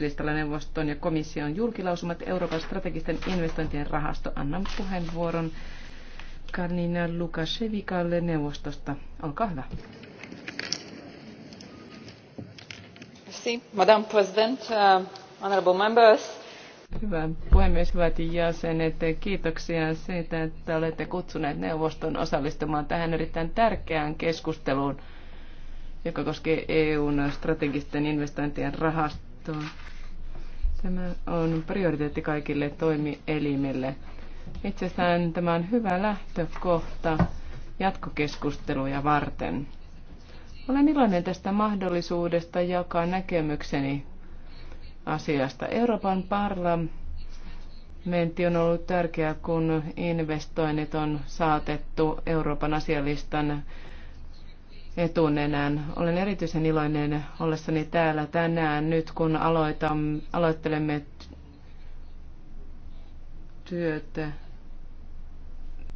listalla neuvoston ja komission julkilausumat Euroopan strategisten investointien rahasto. Annan puheenvuoron Karnina Lukashevikalle neuvostosta. Olkaa hyvä. Madame President, uh, honorable members. Hyvä puhemies, hyvät jäsenet. Kiitoksia siitä, että olette kutsuneet neuvoston osallistumaan tähän erittäin tärkeään keskusteluun, joka koskee EUn strategisten investointien rahastoa tuo. Tämä on prioriteetti kaikille toimielimille. asiassa tämä on hyvä lähtökohta jatkokeskusteluja varten. Olen iloinen tästä mahdollisuudesta jakaa näkemykseni asiasta. Euroopan parlamentti on ollut tärkeä, kun investoinnit on saatettu Euroopan asialistan etunenän. Olen erityisen iloinen ollessani täällä tänään nyt, kun aloitam, aloittelemme työtä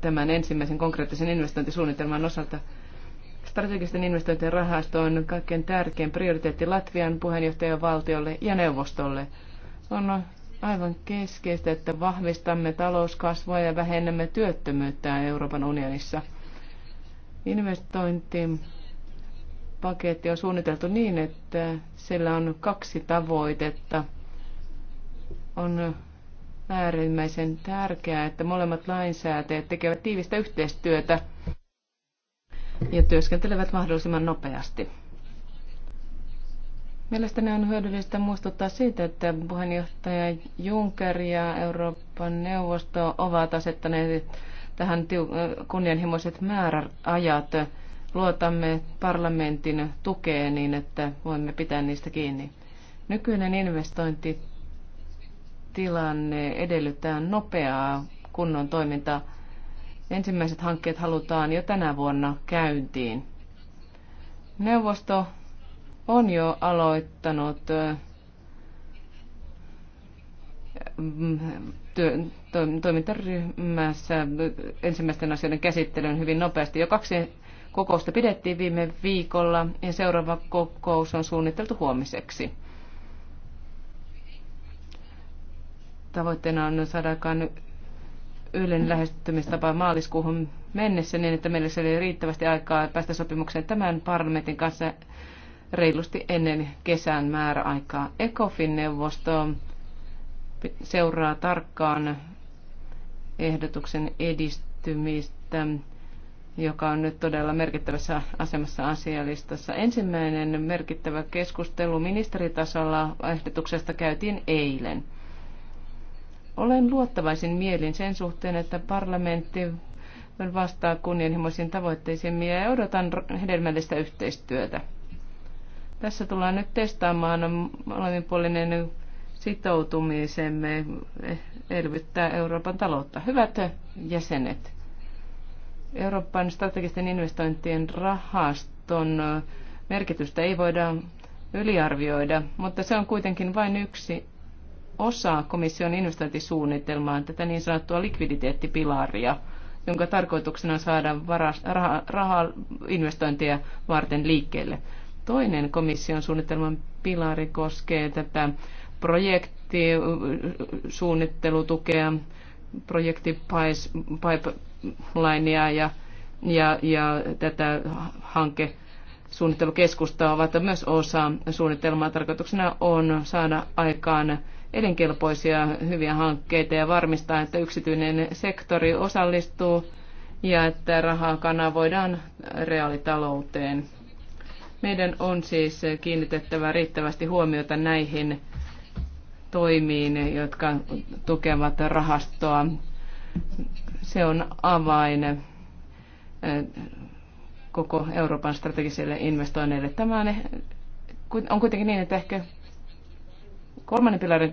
tämän ensimmäisen konkreettisen investointisuunnitelman osalta. Strategisten investointien rahasto on kaikkein tärkein prioriteetti Latvian valtiolle ja neuvostolle. On aivan keskeistä, että vahvistamme talouskasvua ja vähennämme työttömyyttä Euroopan unionissa. Investointi paketti on suunniteltu niin, että sillä on kaksi tavoitetta. On äärimmäisen tärkeää, että molemmat lainsäätäjät tekevät tiivistä yhteistyötä ja työskentelevät mahdollisimman nopeasti. Mielestäni on hyödyllistä muistuttaa siitä, että puheenjohtaja Juncker ja Euroopan neuvosto ovat asettaneet tähän kunnianhimoiset määräajat luotamme parlamentin tukeen niin, että voimme pitää niistä kiinni. Nykyinen investointitilanne edellyttää nopeaa kunnon toimintaa. Ensimmäiset hankkeet halutaan jo tänä vuonna käyntiin. Neuvosto on jo aloittanut mm, toimintaryhmässä ensimmäisten asioiden käsittelyn hyvin nopeasti. Jo kaksi Kokousta pidettiin viime viikolla ja seuraava kokous on suunniteltu huomiseksi. Tavoitteena on saada aikaan yhden lähestymistapa maaliskuuhun mennessä niin, että meillä oli riittävästi aikaa päästä sopimukseen tämän parlamentin kanssa reilusti ennen kesän määräaikaa. ECOFIN-neuvosto seuraa tarkkaan ehdotuksen edistymistä joka on nyt todella merkittävässä asemassa asialistassa. Ensimmäinen merkittävä keskustelu ministeritasolla ehdotuksesta käytiin eilen. Olen luottavaisin mielin sen suhteen, että parlamentti vastaa kunnianhimoisiin tavoitteisiin ja odotan hedelmällistä yhteistyötä. Tässä tullaan nyt testaamaan molemminpuolinen sitoutumisemme elvyttää Euroopan taloutta. Hyvät jäsenet, Euroopan strategisten investointien rahaston merkitystä ei voida yliarvioida, mutta se on kuitenkin vain yksi osa komission investointisuunnitelmaa, tätä niin sanottua likviditeettipilaria, jonka tarkoituksena on saada rahaa investointeja varten liikkeelle. Toinen komission suunnitelman pilari koskee tätä projektisuunnittelutukea, projekti lainia ja, ja, ja tätä hanke suunnittelukeskusta ovat myös osa suunnitelmaa. Tarkoituksena on saada aikaan elinkelpoisia hyviä hankkeita ja varmistaa, että yksityinen sektori osallistuu ja että rahaa kanavoidaan reaalitalouteen. Meidän on siis kiinnitettävä riittävästi huomiota näihin toimiin, jotka tukevat rahastoa se on avain koko Euroopan strategisille investoinneille. Tämä eh, on kuitenkin niin, että ehkä kolmannen pilarin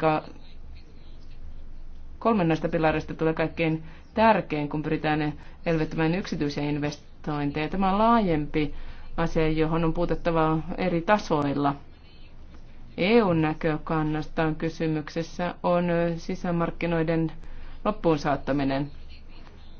kolmen näistä pilarista tulee kaikkein tärkein, kun pyritään elvyttämään yksityisiä investointeja. Tämä on laajempi asia, johon on puutettava eri tasoilla. EUn näkökannasta on kysymyksessä on sisämarkkinoiden loppuun saattaminen.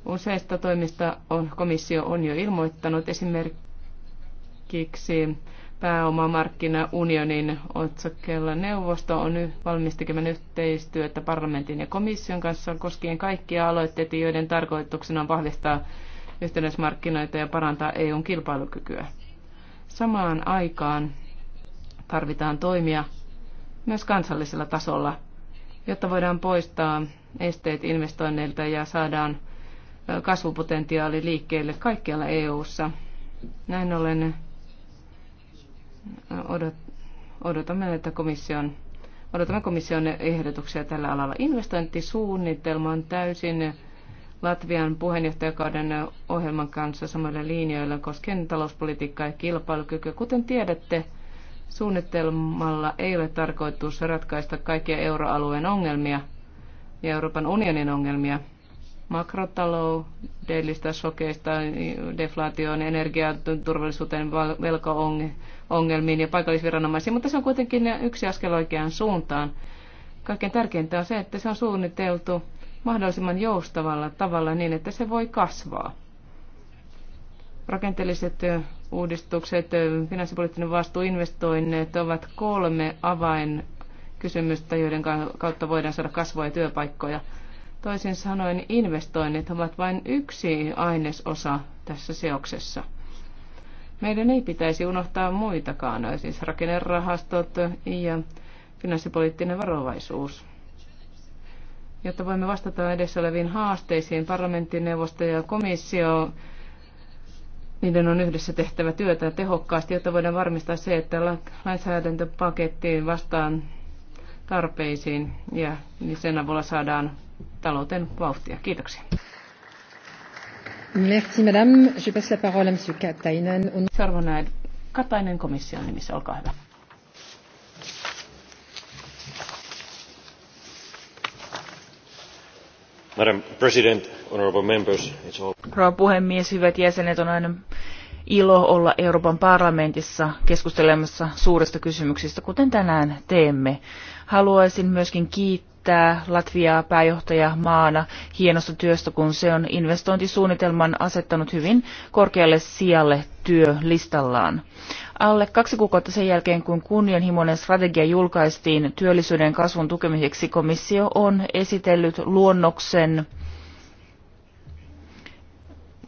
Useista toimista on, komissio on jo ilmoittanut esimerkiksi pääomamarkkinaunionin otsakkeella neuvosto on nyt valmis tekemään yhteistyötä parlamentin ja komission kanssa koskien kaikkia aloitteita, joiden tarkoituksena on vahvistaa yhtenäismarkkinoita ja parantaa EUn kilpailukykyä. Samaan aikaan tarvitaan toimia myös kansallisella tasolla, jotta voidaan poistaa esteet investoinneilta ja saadaan kasvupotentiaali liikkeelle kaikkialla EU-ssa. Näin ollen odotamme, että komission, odotamme komission ehdotuksia tällä alalla. Investointisuunnitelma on täysin Latvian puheenjohtajakauden ohjelman kanssa samoilla linjoilla koskien talouspolitiikkaa ja kilpailukykyä. Kuten tiedätte, suunnitelmalla ei ole tarkoitus ratkaista kaikkia euroalueen ongelmia ja Euroopan unionin ongelmia – makrotaloudellista sokeista deflaatioon, energiaturvallisuuteen, turvallisuuteen, velkaongelmiin ja paikallisviranomaisiin, mutta se on kuitenkin yksi askel oikeaan suuntaan. Kaikkein tärkeintä on se, että se on suunniteltu mahdollisimman joustavalla tavalla niin, että se voi kasvaa. Rakenteelliset uudistukset, finanssipoliittinen vastuu, investoinnit ovat kolme avainkysymystä, joiden kautta voidaan saada kasvua ja työpaikkoja. Toisin sanoen investoinnit ovat vain yksi ainesosa tässä seoksessa. Meidän ei pitäisi unohtaa muitakaan, siis rakennerahastot ja finanssipoliittinen varovaisuus. Jotta voimme vastata edessä oleviin haasteisiin, parlamenttineuvosto ja komissio niiden on yhdessä tehtävä työtä tehokkaasti, jotta voidaan varmistaa se, että lainsäädäntöpakettiin vastaan tarpeisiin ja niin sen avulla saadaan talouden vauhtia. Kiitoksia. Merci madame. Je passe la parole à monsieur Katainen. Sarvonen Katainen komission nimissä, olkaa hyvä. Madam President, honorable members, it's all... Rouva puhemies, hyvät jäsenet, on aina ilo olla Euroopan parlamentissa keskustelemassa suurista kysymyksistä, kuten tänään teemme. Haluaisin myöskin kiittää kiittää Latviaa pääjohtajamaana hienosta työstä, kun se on investointisuunnitelman asettanut hyvin korkealle sijalle työlistallaan. Alle kaksi kuukautta sen jälkeen, kun kunnianhimoinen strategia julkaistiin työllisyyden kasvun tukemiseksi, komissio on esitellyt luonnoksen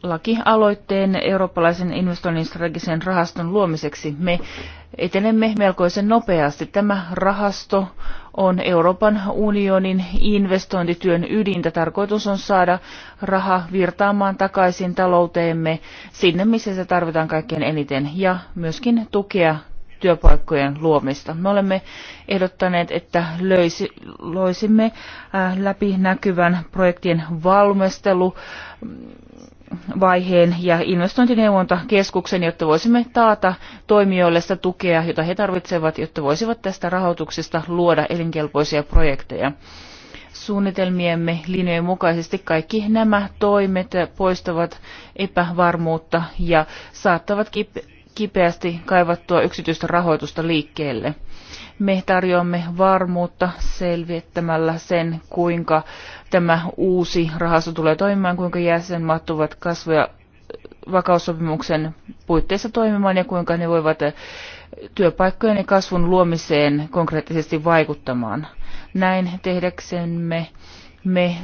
lakialoitteen eurooppalaisen investoinnin strategisen rahaston luomiseksi. Me etenemme melkoisen nopeasti. Tämä rahasto on Euroopan unionin investointityön ydintä. Tarkoitus on saada raha virtaamaan takaisin talouteemme sinne, missä se tarvitaan kaikkein eniten, ja myöskin tukea työpaikkojen luomista. Me olemme ehdottaneet, että löisi, loisimme äh, läpinäkyvän projektien valmistelu vaiheen ja investointineuvontakeskuksen, jotta voisimme taata toimijoille sitä tukea, jota he tarvitsevat, jotta voisivat tästä rahoituksesta luoda elinkelpoisia projekteja. Suunnitelmiemme linjojen mukaisesti kaikki nämä toimet poistavat epävarmuutta ja saattavat kipeästi kaivattua yksityistä rahoitusta liikkeelle. Me tarjoamme varmuutta selvittämällä sen, kuinka tämä uusi rahasto tulee toimimaan, kuinka jäsenmaat ovat kasvu- ja vakaussopimuksen puitteissa toimimaan ja kuinka ne voivat työpaikkojen ja kasvun luomiseen konkreettisesti vaikuttamaan. Näin tehdäksemme me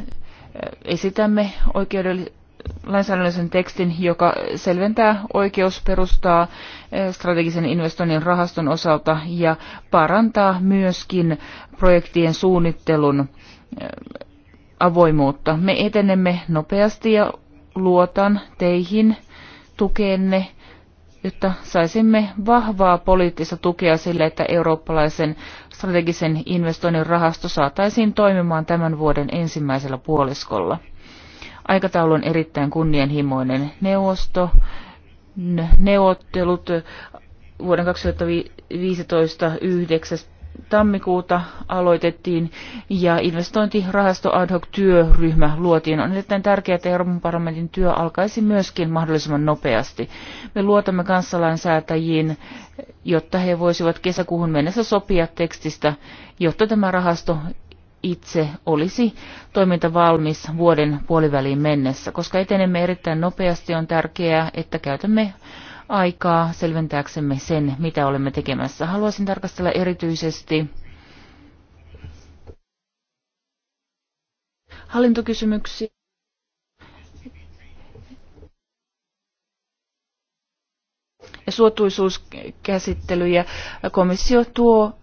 esitämme oikeudellisesti lainsäädännöllisen tekstin, joka selventää oikeusperustaa eh, strategisen investoinnin rahaston osalta ja parantaa myöskin projektien suunnittelun eh, avoimuutta. Me etenemme nopeasti ja luotan teihin tukeenne, jotta saisimme vahvaa poliittista tukea sille, että eurooppalaisen strategisen investoinnin rahasto saataisiin toimimaan tämän vuoden ensimmäisellä puoliskolla. Aikataulu on erittäin kunnianhimoinen neuvosto. Neuvottelut vuoden 2015 9. tammikuuta aloitettiin ja investointirahasto ad hoc työryhmä luotiin. On erittäin tärkeää, että Euroopan parlamentin työ alkaisi myöskin mahdollisimman nopeasti. Me luotamme kansalainsäätäjiin, jotta he voisivat kesäkuuhun mennessä sopia tekstistä, jotta tämä rahasto itse olisi toiminta valmis vuoden puoliväliin mennessä. Koska etenemme erittäin nopeasti, on tärkeää, että käytämme aikaa selventääksemme sen, mitä olemme tekemässä. Haluaisin tarkastella erityisesti hallintokysymyksiä. ja suotuisuuskäsittelyjä. Komissio tuo äh,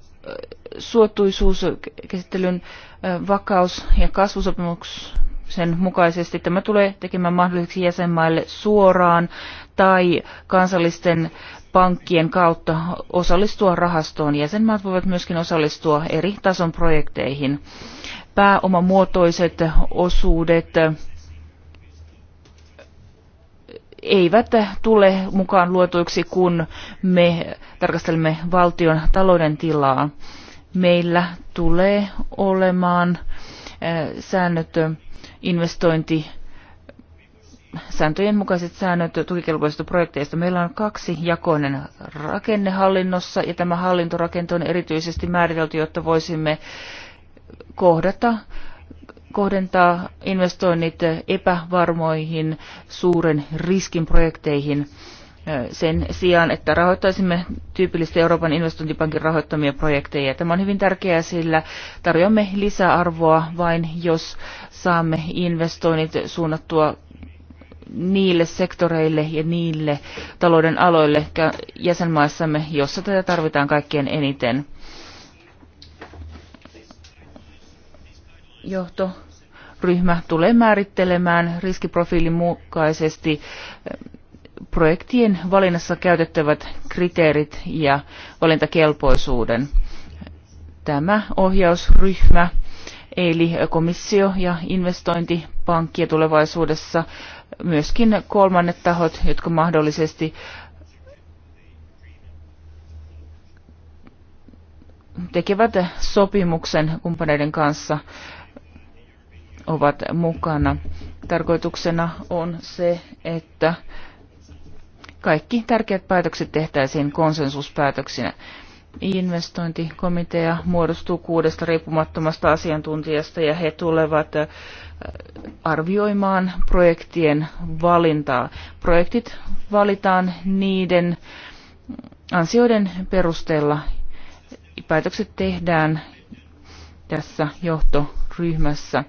suotuisuuskäsittelyn vakaus- ja kasvusopimuksen mukaisesti tämä tulee tekemään mahdolliseksi jäsenmaille suoraan tai kansallisten pankkien kautta osallistua rahastoon. Jäsenmaat voivat myöskin osallistua eri tason projekteihin. Pääomamuotoiset osuudet eivät tule mukaan luotuiksi, kun me tarkastelemme valtion talouden tilaa meillä tulee olemaan säännöt investointi sääntöjen mukaiset säännöt tukikelpoisista projekteista. Meillä on kaksi jakoinen rakennehallinnossa ja tämä hallintorakento on erityisesti määritelty, jotta voisimme kohdata kohdentaa investoinnit epävarmoihin suuren riskin projekteihin sen sijaan, että rahoittaisimme tyypillisesti Euroopan investointipankin rahoittamia projekteja. Tämä on hyvin tärkeää, sillä tarjoamme lisäarvoa vain, jos saamme investoinnit suunnattua niille sektoreille ja niille talouden aloille jäsenmaissamme, jossa tätä tarvitaan kaikkien eniten. johto ryhmä tulee määrittelemään riskiprofiilin mukaisesti projektien valinnassa käytettävät kriteerit ja valintakelpoisuuden. Tämä ohjausryhmä, eli komissio ja investointipankki ja tulevaisuudessa myöskin kolmannet tahot, jotka mahdollisesti tekevät sopimuksen kumppaneiden kanssa, ovat mukana. Tarkoituksena on se, että kaikki tärkeät päätökset tehtäisiin konsensuspäätöksinä. Investointikomitea muodostuu kuudesta riippumattomasta asiantuntijasta ja he tulevat äh, arvioimaan projektien valintaa. Projektit valitaan niiden ansioiden perusteella. Päätökset tehdään tässä johtoryhmässä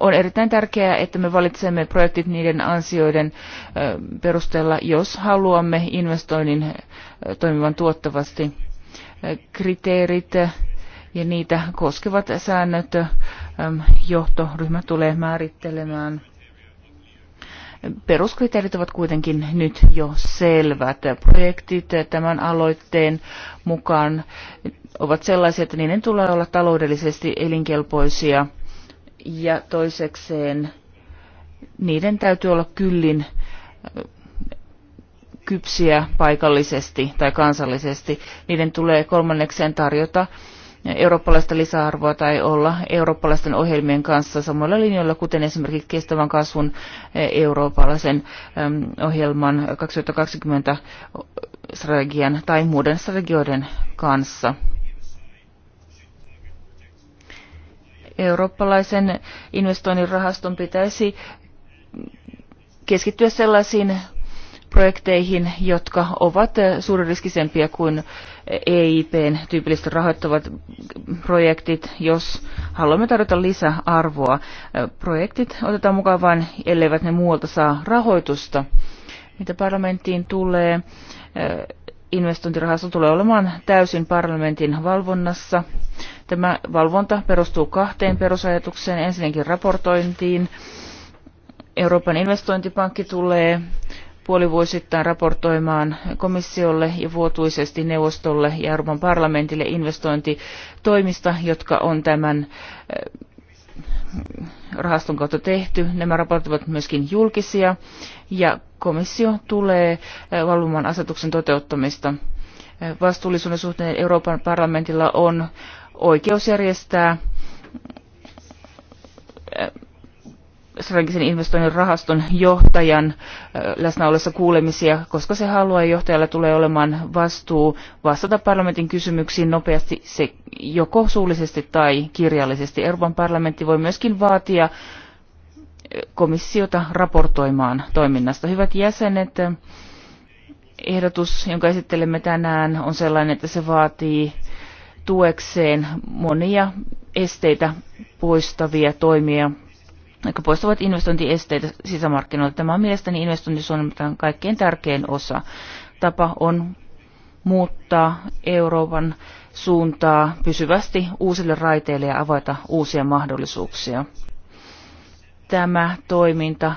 on erittäin tärkeää, että me valitsemme projektit niiden ansioiden perusteella, jos haluamme investoinnin toimivan tuottavasti. Kriteerit ja niitä koskevat säännöt johtoryhmä tulee määrittelemään. Peruskriteerit ovat kuitenkin nyt jo selvät. Projektit tämän aloitteen mukaan ovat sellaisia, että niiden tulee olla taloudellisesti elinkelpoisia – ja toisekseen niiden täytyy olla kyllin kypsiä paikallisesti tai kansallisesti. Niiden tulee kolmannekseen tarjota eurooppalaista lisäarvoa tai olla eurooppalaisten ohjelmien kanssa samoilla linjoilla, kuten esimerkiksi kestävän kasvun eurooppalaisen ohjelman 2020 strategian tai muiden strategioiden kanssa. Eurooppalaisen investoinnin rahaston pitäisi keskittyä sellaisiin projekteihin, jotka ovat suuririskisempiä kuin EIPn tyypillisesti rahoittavat projektit, jos haluamme tarjota lisäarvoa. Projektit otetaan mukaan vain, elleivät ne muualta saa rahoitusta. Mitä parlamenttiin tulee, investointirahasto tulee olemaan täysin parlamentin valvonnassa. Tämä valvonta perustuu kahteen perusajatukseen. Ensinnäkin raportointiin. Euroopan investointipankki tulee puolivuosittain raportoimaan komissiolle ja vuotuisesti neuvostolle ja Euroopan parlamentille investointitoimista, jotka on tämän rahaston kautta tehty. Nämä raportit ovat myöskin julkisia ja komissio tulee äh, valvomaan asetuksen toteuttamista. Äh, vastuullisuuden suhteen Euroopan parlamentilla on oikeus järjestää äh, strategisen investoinnin rahaston johtajan läsnä ollessa kuulemisia, koska se haluaa johtajalla tulee olemaan vastuu vastata parlamentin kysymyksiin nopeasti se joko suullisesti tai kirjallisesti. Euroopan parlamentti voi myöskin vaatia komissiota raportoimaan toiminnasta. Hyvät jäsenet, ehdotus, jonka esittelemme tänään, on sellainen, että se vaatii tuekseen monia esteitä poistavia toimia jotka poistavat investointiesteitä sisämarkkinoilta. Tämä on mielestäni investointisuunnitelman kaikkein tärkein osa. Tapa on muuttaa Euroopan suuntaa pysyvästi uusille raiteille ja avata uusia mahdollisuuksia. Tämä toiminta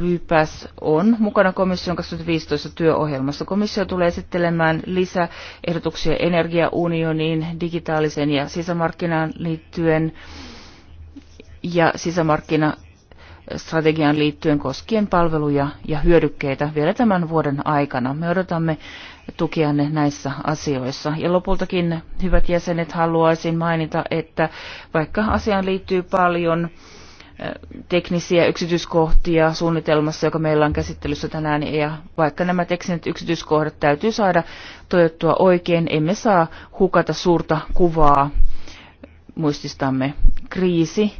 rypäs on mukana komission 2015 työohjelmassa. Komissio tulee esittelemään lisäehdotuksia energiaunioniin, digitaalisen ja sisämarkkinaan liittyen ja sisämarkkinastrategiaan liittyen koskien palveluja ja hyödykkeitä vielä tämän vuoden aikana. Me odotamme tukianne näissä asioissa. Ja lopultakin, hyvät jäsenet, haluaisin mainita, että vaikka asiaan liittyy paljon eh, teknisiä yksityiskohtia suunnitelmassa, joka meillä on käsittelyssä tänään, ja vaikka nämä tekniset yksityiskohdat täytyy saada toivottua oikein, emme saa hukata suurta kuvaa muististamme kriisi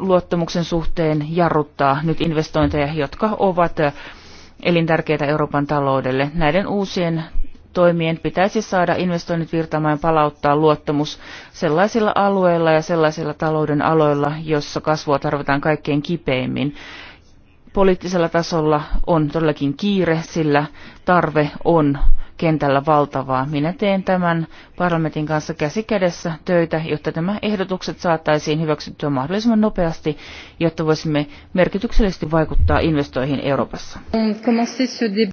luottamuksen suhteen jarruttaa nyt investointeja, jotka ovat elintärkeitä Euroopan taloudelle. Näiden uusien toimien pitäisi saada investoinnit virtaamaan ja palauttaa luottamus sellaisilla alueilla ja sellaisilla talouden aloilla, jossa kasvua tarvitaan kaikkein kipeimmin. Poliittisella tasolla on todellakin kiire, sillä tarve on kentällä valtavaa. Minä teen tämän parlamentin kanssa käsi kädessä töitä, jotta tämä ehdotukset saataisiin hyväksyttyä mahdollisimman nopeasti, jotta voisimme merkityksellisesti vaikuttaa investoihin Euroopassa.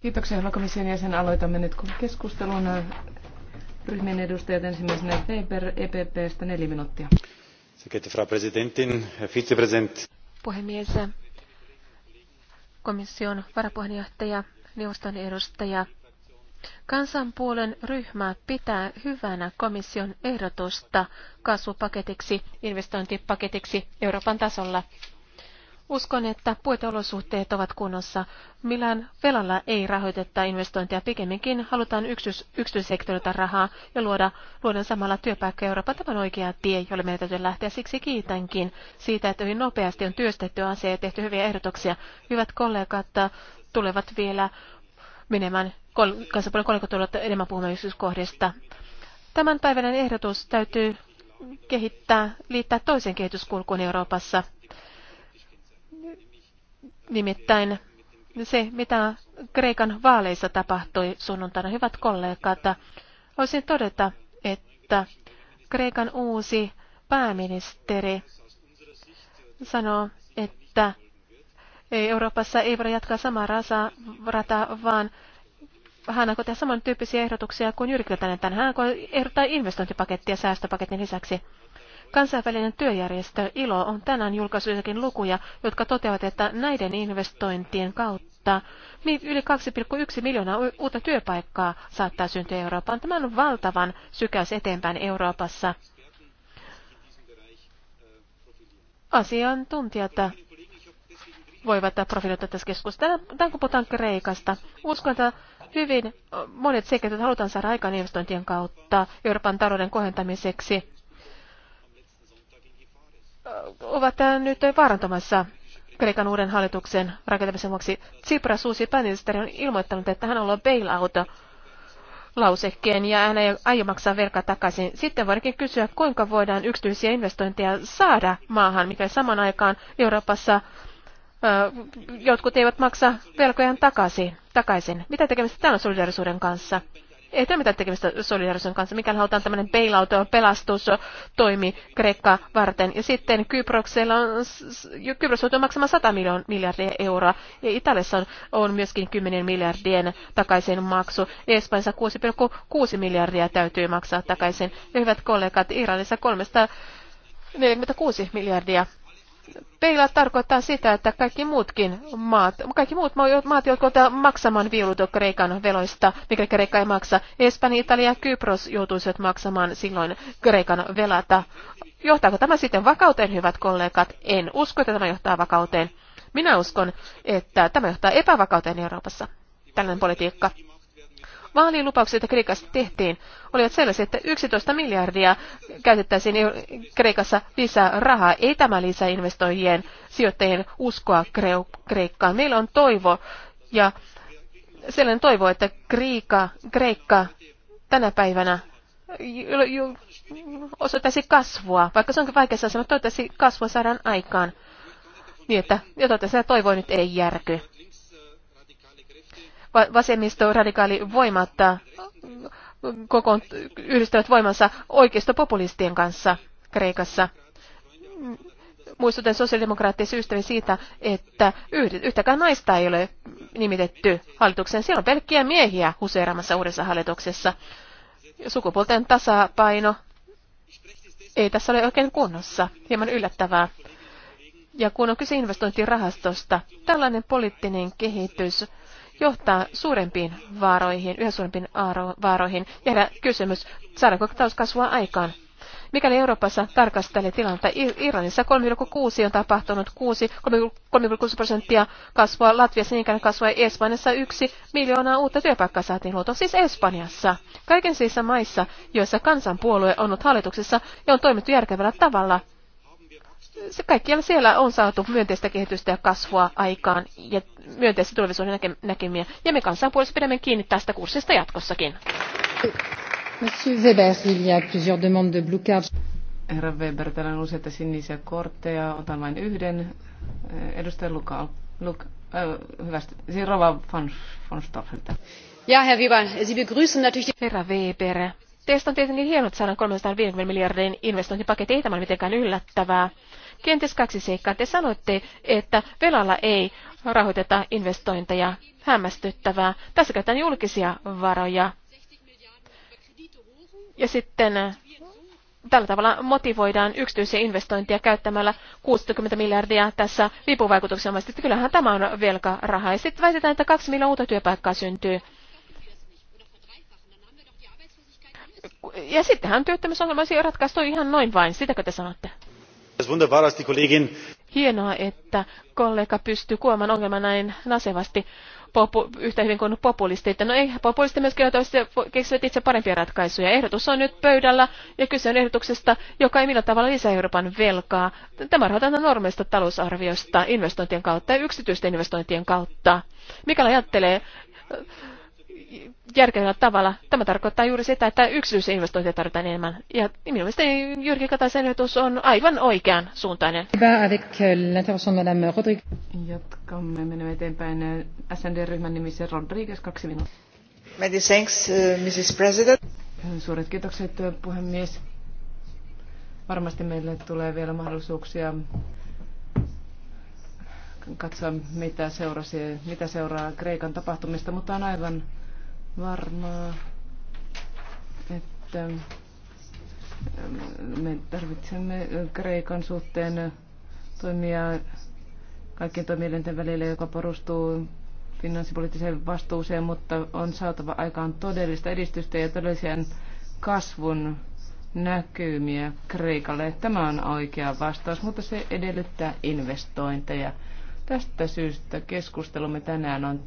Kiitoksia, herra komission jäsen. Aloitamme nyt keskustelun. Ryhmien edustajat ensimmäisenä Weber EPPstä neljä minuuttia. Puhemies, komission varapuheenjohtaja, neuvoston edustaja, Kansanpuolen ryhmä pitää hyvänä komission ehdotusta kasvupaketiksi, investointipaketiksi Euroopan tasolla. Uskon, että puiteolosuhteet ovat kunnossa. Millään velalla ei rahoitetta investointia, Pikemminkin halutaan yksitys, yksityissektorilta rahaa ja luoda, luoda samalla työpaikka Euroopan. tämän oikea tie, jolle meidän täytyy lähteä. Siksi kiitänkin siitä, että hyvin nopeasti on työstetty asia ja tehty hyviä ehdotuksia. Hyvät kollegat tulevat vielä menemään kol- kansapuolen kolikot enemmän puhumaan yksityiskohdista. Tämän päivän ehdotus täytyy kehittää, liittää toisen kehityskulkuun Euroopassa. Nimittäin se, mitä Kreikan vaaleissa tapahtui sunnuntaina, hyvät kollegat, voisin todeta, että Kreikan uusi pääministeri sanoo, että Euroopassa ei voida jatkaa samaa rataa, vaan hän aikoo tehdä samantyyppisiä ehdotuksia kuin Jyrki tänne Hän aikoo ehdottaa investointipakettia säästöpaketin lisäksi. Kansainvälinen työjärjestö ILO on tänään julkaissut lukuja, jotka toteavat, että näiden investointien kautta yli 2,1 miljoonaa uutta työpaikkaa saattaa syntyä Eurooppaan. Tämä on valtavan sykäys eteenpäin Euroopassa. Asiantuntijat voivat profiloida tässä keskustelussa. Tänään kun puhutaan Kreikasta, uskon, että hyvin monet sekä, että halutaan saada aikaan investointien kautta Euroopan talouden kohentamiseksi, ovat nyt vaarantamassa Kreikan uuden hallituksen rakentamisen vuoksi. Tsipras uusi pääministeri on ilmoittanut, että hän on ollut bailout lausekkeen ja hän ei aio maksaa velkaa takaisin. Sitten voidaankin kysyä, kuinka voidaan yksityisiä investointeja saada maahan, mikä samaan aikaan Euroopassa jotkut eivät maksa velkojaan takaisin. takaisin. Mitä tekemistä täällä on solidarisuuden kanssa? Ei tämä mitään tekemistä solidarisuuden kanssa, Mikä halutaan tämmöinen bailout, pelastus, toimi Kreikka varten. Ja sitten Kyproksella on, Kypros on maksamaan 100 miljoon, miljardia euroa, ja Italiassa on, on myöskin 10 miljardien takaisin maksu. Espanjassa 6,6 miljardia täytyy maksaa takaisin. Ja hyvät kollegat, Iranissa 346 miljardia peilaa tarkoittaa sitä, että kaikki muutkin maat, kaikki muut maat joutuvat maksamaan viulut Kreikan veloista, mikä Kreikka ei maksa. Espanja, Italia ja Kypros joutuisivat maksamaan silloin Kreikan velata. Johtaako tämä sitten vakauteen, hyvät kollegat? En usko, että tämä johtaa vakauteen. Minä uskon, että tämä johtaa epävakauteen Euroopassa, tällainen politiikka. Vaalilupaukset, joita Kreikassa tehtiin, olivat sellaisia, että 11 miljardia käytettäisiin Kreikassa lisää rahaa. Ei tämä investoijien sijoittajien uskoa Kreikkaan. Meillä on toivo ja sellainen toivo, että Kreikka, Kreikka tänä päivänä osoittaisi kasvua, vaikka se onkin vaikeassa asemassa, toivottavasti kasvua saadaan aikaan. Niin, että jotain tässä toivoa nyt ei järky vasemmisto-radikaali voimatta äh, kokoon, yhdistävät voimansa oikeistopopulistien kanssa Kreikassa. Muistutan sosiaalidemokraattisen ystävän siitä, että yhtäkään naista ei ole nimitetty hallitukseen. Siellä on pelkkiä miehiä huseeramassa uudessa hallituksessa. Sukupuolten tasapaino ei tässä ole oikein kunnossa. Hieman yllättävää. Ja kun on kyse investointirahastosta, tällainen poliittinen kehitys johtaa suurempiin vaaroihin, yhä suurempiin vaaroihin. Jäädä kysymys, saadaanko talouskasvua aikaan? Mikäli Euroopassa tarkastelee tilannetta, Irlannissa 3,6 on tapahtunut 3,6 prosenttia kasvua, Latviassa niinkään kasvua, Espanjassa yksi miljoonaa uutta työpaikkaa saatiin luotua, siis Espanjassa. Kaiken siissä maissa, joissa kansanpuolue on ollut hallituksessa ja on toimittu järkevällä tavalla, se kaikkialla siellä on saatu myönteistä kehitystä ja kasvua aikaan ja myönteistä tulevaisuuden näke- näkemiä. Ja me kansanpuolissa pidämme kiinni tästä kurssista jatkossakin. Monsieur Weber, il y a plusieurs demandes de blue card. Herra Weber, täällä on useita sinisiä kortteja. Otan vain yhden. Eh, edustaja Luka, Luka äh, hyvästä. Siis Rova von, von Stoffeltä. Ja, Herr Weber, Sie begrüßen natürlich... Herra Weber, Teistä on tietenkin että saadaan 350 miljardin investointipaketti, ei tämä ole mitenkään yllättävää. Kenties kaksi seikkaa. Te sanoitte, että velalla ei rahoiteta investointeja. Hämmästyttävää. Tässä käytetään julkisia varoja. Ja sitten äh, tällä tavalla motivoidaan yksityisiä investointeja käyttämällä 60 miljardia tässä vipuvaikutuksenomaisesti. Kyllähän tämä on velkaraha. Ja sitten väitetään, että kaksi miljoonaa uutta työpaikkaa syntyy. Ja sittenhän työttömyysongelma olisi ratkaistu ihan noin vain, sitäkö te sanotte? Hienoa, että kollega pystyy kuomaan ongelman näin nasevasti popu, yhtä hyvin kuin populistit. No ei, populistit myös keksivät itse parempia ratkaisuja. Ehdotus on nyt pöydällä ja kyse on ehdotuksesta, joka ei millään tavalla lisää Euroopan velkaa. Tämä rahoitetaan normeista talousarviosta, investointien kautta ja yksityisten investointien kautta. Mikä ajattelee järkevällä tavalla. Tämä tarkoittaa juuri sitä, että yksityisiä investointeja tarvitaan enemmän. Ja minun mielestäni Jyrki Kataisen ehdotus on aivan oikean suuntainen. Jatkamme, menemme eteenpäin SND-ryhmän nimissä Rodriguez, kaksi minuuttia. Many thanks, uh, Mrs. President. Suuret kiitokset, uh, puhemies. Varmasti meille tulee vielä mahdollisuuksia katsoa, mitä, seurasi, mitä seuraa Kreikan tapahtumista, mutta on aivan varmaa, että ähm, me tarvitsemme Kreikan suhteen toimia kaikkien toimielinten välillä, joka perustuu finanssipoliittiseen vastuuseen, mutta on saatava aikaan todellista edistystä ja todellisen kasvun näkymiä Kreikalle. Tämä on oikea vastaus, mutta se edellyttää investointeja. Tästä syystä keskustelumme tänään on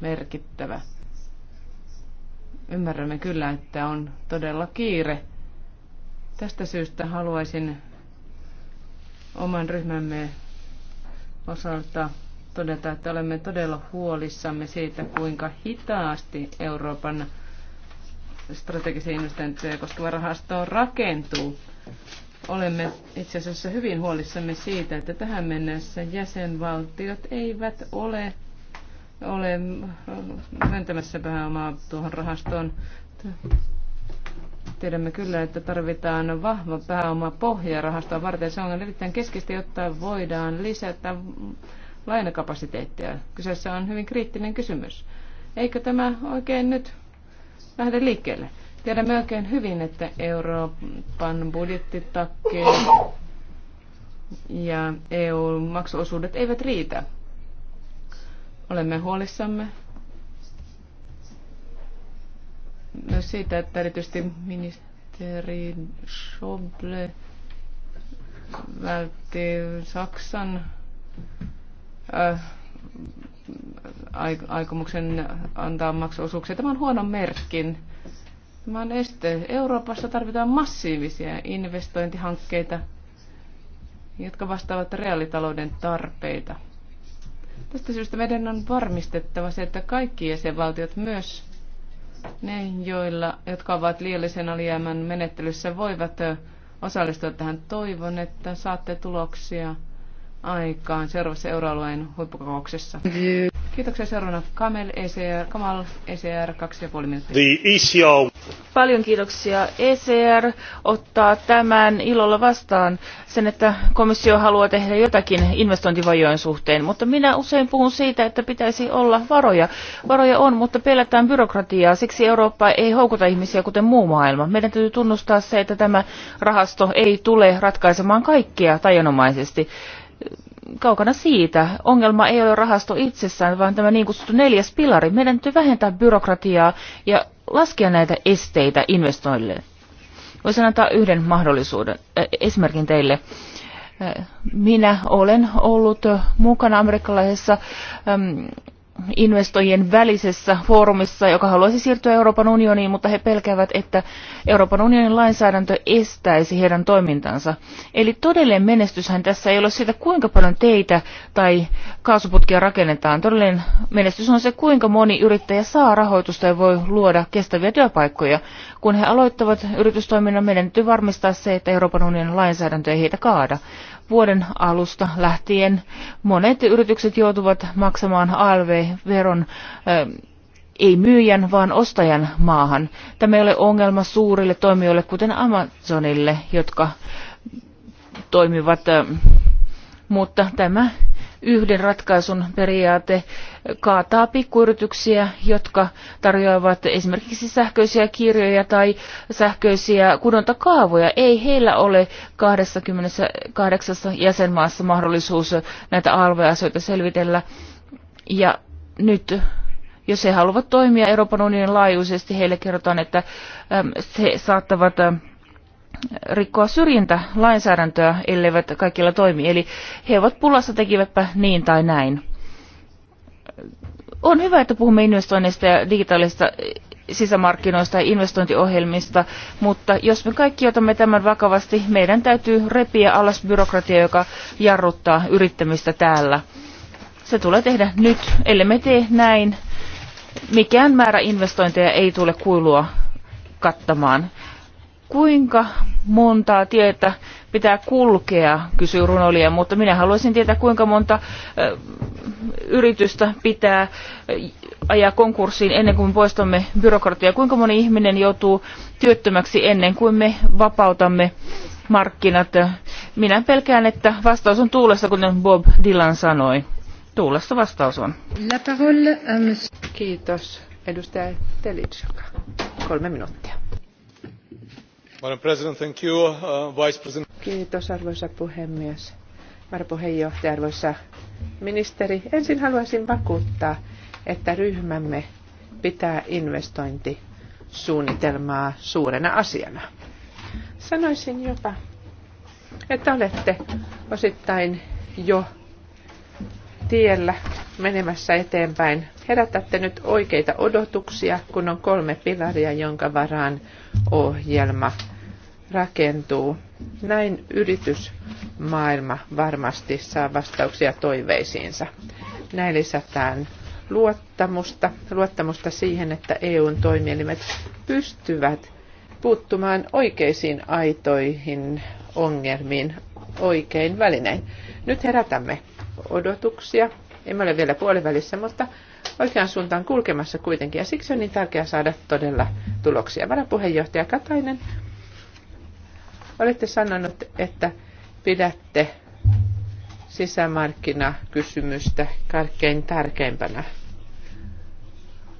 merkittävä ymmärrämme kyllä, että on todella kiire. Tästä syystä haluaisin oman ryhmämme osalta todeta, että olemme todella huolissamme siitä, kuinka hitaasti Euroopan strategisia investointeja koskeva rahasto rakentuu. Olemme itse asiassa hyvin huolissamme siitä, että tähän mennessä jäsenvaltiot eivät ole ole myöntämässä omaa tuohon rahastoon. Tiedämme kyllä, että tarvitaan vahva pääoma pohja rahastoa varten. Se on erittäin keskeistä, jotta voidaan lisätä lainakapasiteettia. Kyseessä on hyvin kriittinen kysymys. Eikö tämä oikein nyt lähde liikkeelle? Tiedämme oikein hyvin, että Euroopan budjettitakkeen ja EU-maksuosuudet eivät riitä Olemme huolissamme myös siitä, että erityisesti ministeri Schoble vältti Saksan äh, aikomuksen antaa maksuosuuksia. Tämä on huono merkki. Tämä on este. Euroopassa tarvitaan massiivisia investointihankkeita, jotka vastaavat reaalitalouden tarpeita. Tästä syystä meidän on varmistettava se, että kaikki jäsenvaltiot, myös ne, joilla, jotka ovat liiallisen alijäämän menettelyssä, voivat osallistua tähän. Toivon, että saatte tuloksia aikaan seuraavassa euroalueen huippukokouksessa. Kiitoksia seuraavana Kamel ECR, Kamal ECR, kaksi ja puoli minuuttia. The ECO. Paljon kiitoksia. ECR ottaa tämän ilolla vastaan sen, että komissio haluaa tehdä jotakin investointivajojen suhteen, mutta minä usein puhun siitä, että pitäisi olla varoja. Varoja on, mutta pelätään byrokratiaa, siksi Eurooppa ei houkuta ihmisiä kuten muu maailma. Meidän täytyy tunnustaa se, että tämä rahasto ei tule ratkaisemaan kaikkea tajanomaisesti kaukana siitä. Ongelma ei ole rahasto itsessään, vaan tämä niin kutsuttu neljäs pilari. Meidän täytyy vähentää byrokratiaa ja laskea näitä esteitä investoille. Voisin antaa yhden mahdollisuuden, äh, esimerkin teille. Äh, minä olen ollut mukana amerikkalaisessa ähm, investoijien välisessä foorumissa, joka haluaisi siirtyä Euroopan unioniin, mutta he pelkäävät, että Euroopan unionin lainsäädäntö estäisi heidän toimintansa. Eli todellinen menestyshän tässä ei ole siitä, kuinka paljon teitä tai kaasuputkia rakennetaan. Todellinen menestys on se, kuinka moni yrittäjä saa rahoitusta ja voi luoda kestäviä työpaikkoja. Kun he aloittavat yritystoiminnan, meidän täytyy varmistaa se, että Euroopan unionin lainsäädäntö ei heitä kaada vuoden alusta lähtien monet yritykset joutuvat maksamaan ALV-veron eh, ei myyjän, vaan ostajan maahan. Tämä ei ole ongelma suurille toimijoille, kuten Amazonille, jotka toimivat, eh, mutta tämä yhden ratkaisun periaate kaataa pikkuyrityksiä, jotka tarjoavat esimerkiksi sähköisiä kirjoja tai sähköisiä kudontakaavoja. Ei heillä ole 28 jäsenmaassa mahdollisuus näitä alveasioita selvitellä. Ja nyt jos he haluavat toimia Euroopan unionin laajuisesti, heille kerrotaan, että he saattavat rikkoa syrjintälainsäädäntöä, elleivät kaikilla toimi. Eli he ovat pulassa, tekivätpä niin tai näin. On hyvä, että puhumme investoinneista ja digitaalista sisämarkkinoista ja investointiohjelmista, mutta jos me kaikki otamme tämän vakavasti, meidän täytyy repiä alas byrokratia, joka jarruttaa yrittämistä täällä. Se tulee tehdä nyt, ellei me tee näin. Mikään määrä investointeja ei tule kuilua kattamaan. Kuinka montaa tietä pitää kulkea, kysyy runoilija, mutta minä haluaisin tietää, kuinka monta ö, yritystä pitää ajaa konkurssiin ennen kuin poistamme byrokratiaa. Kuinka moni ihminen joutuu työttömäksi ennen kuin me vapautamme markkinat. Minä pelkään, että vastaus on tuulessa, kuten Bob Dylan sanoi. Tuulessa vastaus on. La parole, Kiitos. Edustaja Telitsoka. Kolme minuuttia. Uh, arvoisa puhemies. Varapuheenjohtaja, arvoisa ministeri. Ensin haluaisin vakuuttaa, että ryhmämme pitää investointisuunnitelmaa suurena asiana. Sanoisin jopa, että olette osittain jo tiellä menemässä eteenpäin. Herätätte nyt oikeita odotuksia, kun on kolme pilaria, jonka varaan ohjelma rakentuu. Näin yritysmaailma varmasti saa vastauksia toiveisiinsa. Näin lisätään luottamusta, luottamusta siihen, että EUn toimielimet pystyvät puuttumaan oikeisiin aitoihin ongelmiin oikein välinein. Nyt herätämme odotuksia. Emme ole vielä puolivälissä, mutta oikean suuntaan kulkemassa kuitenkin. Ja siksi on niin tärkeää saada todella tuloksia. Varapuheenjohtaja Katainen Olette sanonut, että pidätte sisämarkkinakysymystä kaikkein tärkeimpänä.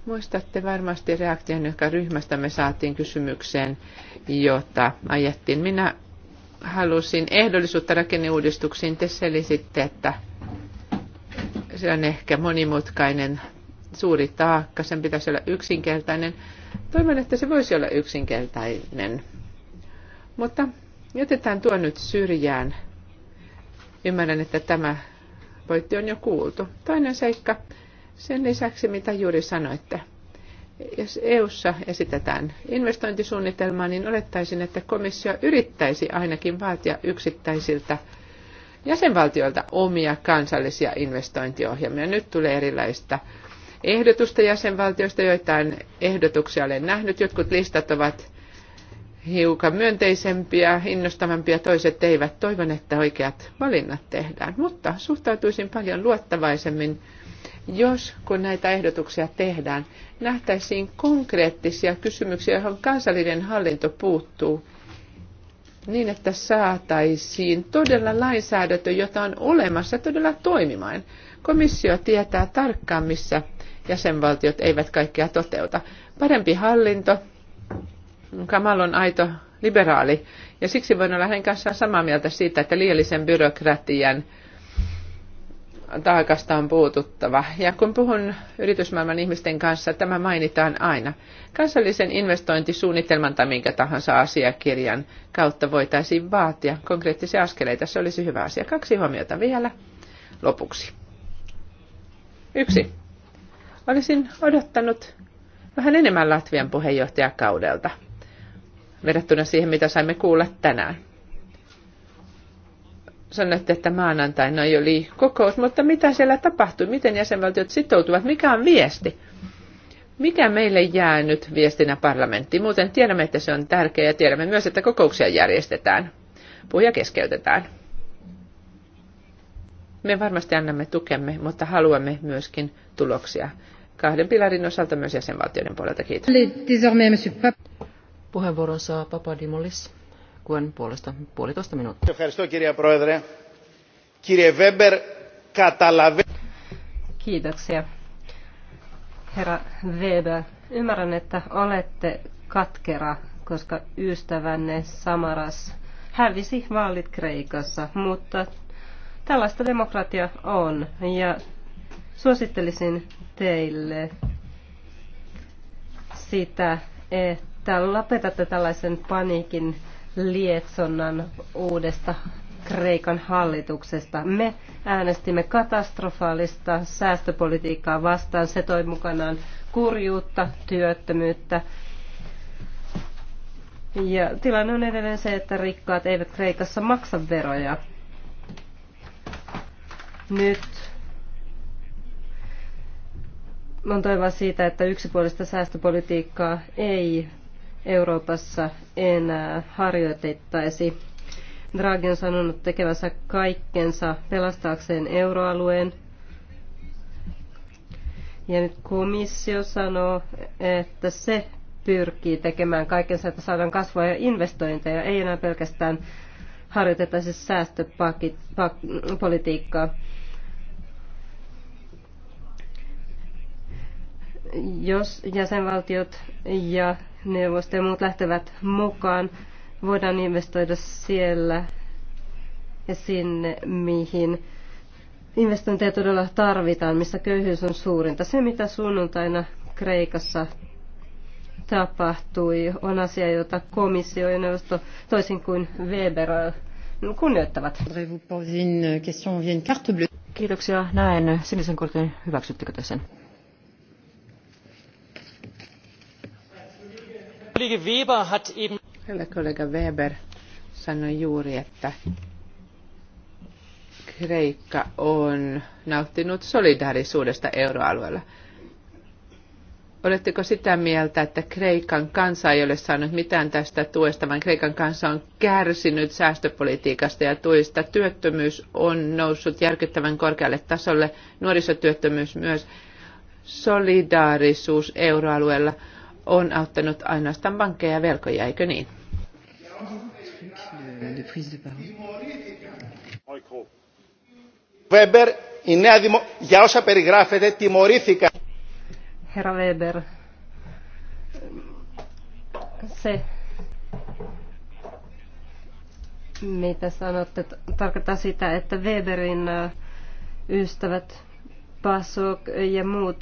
Muistatte varmasti reaktion, joka ryhmästämme saatiin kysymykseen, jota ajettiin. Minä halusin ehdollisuutta rakenneuudistuksiin. Te selisitte, että se on ehkä monimutkainen suuri taakka, sen pitäisi olla yksinkertainen. Toivon, että se voisi olla yksinkertainen. Mutta Jätetään tuo nyt syrjään. Ymmärrän, että tämä voitti on jo kuultu. Toinen seikka, sen lisäksi mitä juuri sanoitte. Jos EU:ssa esitetään investointisuunnitelmaa, niin olettaisin, että komissio yrittäisi ainakin vaatia yksittäisiltä jäsenvaltioilta omia kansallisia investointiohjelmia. Nyt tulee erilaista ehdotusta jäsenvaltioista, joitain ehdotuksia olen nähnyt. Jotkut listat ovat hiukan myönteisempiä, innostavampia, toiset eivät. Toivon, että oikeat valinnat tehdään, mutta suhtautuisin paljon luottavaisemmin, jos kun näitä ehdotuksia tehdään, nähtäisiin konkreettisia kysymyksiä, johon kansallinen hallinto puuttuu niin, että saataisiin todella lainsäädäntö, jota on olemassa, todella toimimaan. Komissio tietää tarkkaan, missä jäsenvaltiot eivät kaikkea toteuta. Parempi hallinto, Kamal on aito liberaali ja siksi voin olla hänen kanssaan samaa mieltä siitä, että liiallisen byrokratian taakasta on puututtava. Ja kun puhun yritysmaailman ihmisten kanssa, tämä mainitaan aina. Kansallisen investointisuunnitelman tai minkä tahansa asiakirjan kautta voitaisiin vaatia konkreettisia askeleita. Se olisi hyvä asia. Kaksi huomiota vielä lopuksi. Yksi. Olisin odottanut vähän enemmän Latvian puheenjohtajakaudelta verrattuna siihen, mitä saimme kuulla tänään. Sanoitte, että maanantaina ei oli kokous, mutta mitä siellä tapahtui? Miten jäsenvaltiot sitoutuvat? Mikä on viesti? Mikä meille jää nyt viestinä parlamentti. Muuten tiedämme, että se on tärkeää ja tiedämme myös, että kokouksia järjestetään. Puhuja keskeytetään. Me varmasti annamme tukemme, mutta haluamme myöskin tuloksia kahden pilarin osalta myös jäsenvaltioiden puolelta. Kiitos. Puheenvuoron saa Papadimolis kuen puolesta puolitoista minuuttia. Kiitoksia. Herra Weber, ymmärrän, että olette katkera, koska ystävänne Samaras hävisi vaalit Kreikassa, mutta tällaista demokratia on ja suosittelisin teille sitä, että Täällä lopetatte tällaisen paniikin lietsonnan uudesta Kreikan hallituksesta. Me äänestimme katastrofaalista säästöpolitiikkaa vastaan. Se toi mukanaan kurjuutta, työttömyyttä. Ja tilanne on edelleen se, että rikkaat eivät Kreikassa maksa veroja. Nyt on toivoa siitä, että yksipuolista säästöpolitiikkaa ei Euroopassa enää äh, harjoitettaisi. Draghi on sanonut tekevänsä kaikkensa pelastaakseen euroalueen. Ja nyt komissio sanoo, että se pyrkii tekemään kaikensa, että saadaan kasvua ja investointeja, ei enää pelkästään harjoitettaisi säästöpolitiikkaa. Jos jäsenvaltiot ja neuvosto ja muut lähtevät mukaan, voidaan investoida siellä ja sinne, mihin investointeja todella tarvitaan, missä köyhyys on suurinta. Se, mitä sunnuntaina Kreikassa tapahtui, on asia, jota komissio ja neuvosto toisin kuin Weber kunnioittavat. Kiitoksia. Näen sinisen kortin. Hyväksyttekö te sen? Kollege Weber hat eben... Kyllä kollega Weber sanoi juuri, että Kreikka on nauttinut solidaarisuudesta euroalueella. Oletteko sitä mieltä, että Kreikan kansa ei ole saanut mitään tästä tuesta, vaan Kreikan kansa on kärsinyt säästöpolitiikasta ja tuista? Työttömyys on noussut järkyttävän korkealle tasolle, nuorisotyöttömyys myös. Solidaarisuus euroalueella on auttanut ainoastaan pankkeja ja velkoja, eikö niin? Weber, Herra Weber, se, mitä sanotte, tarkoittaa sitä, että Weberin ystävät Pasok ja muut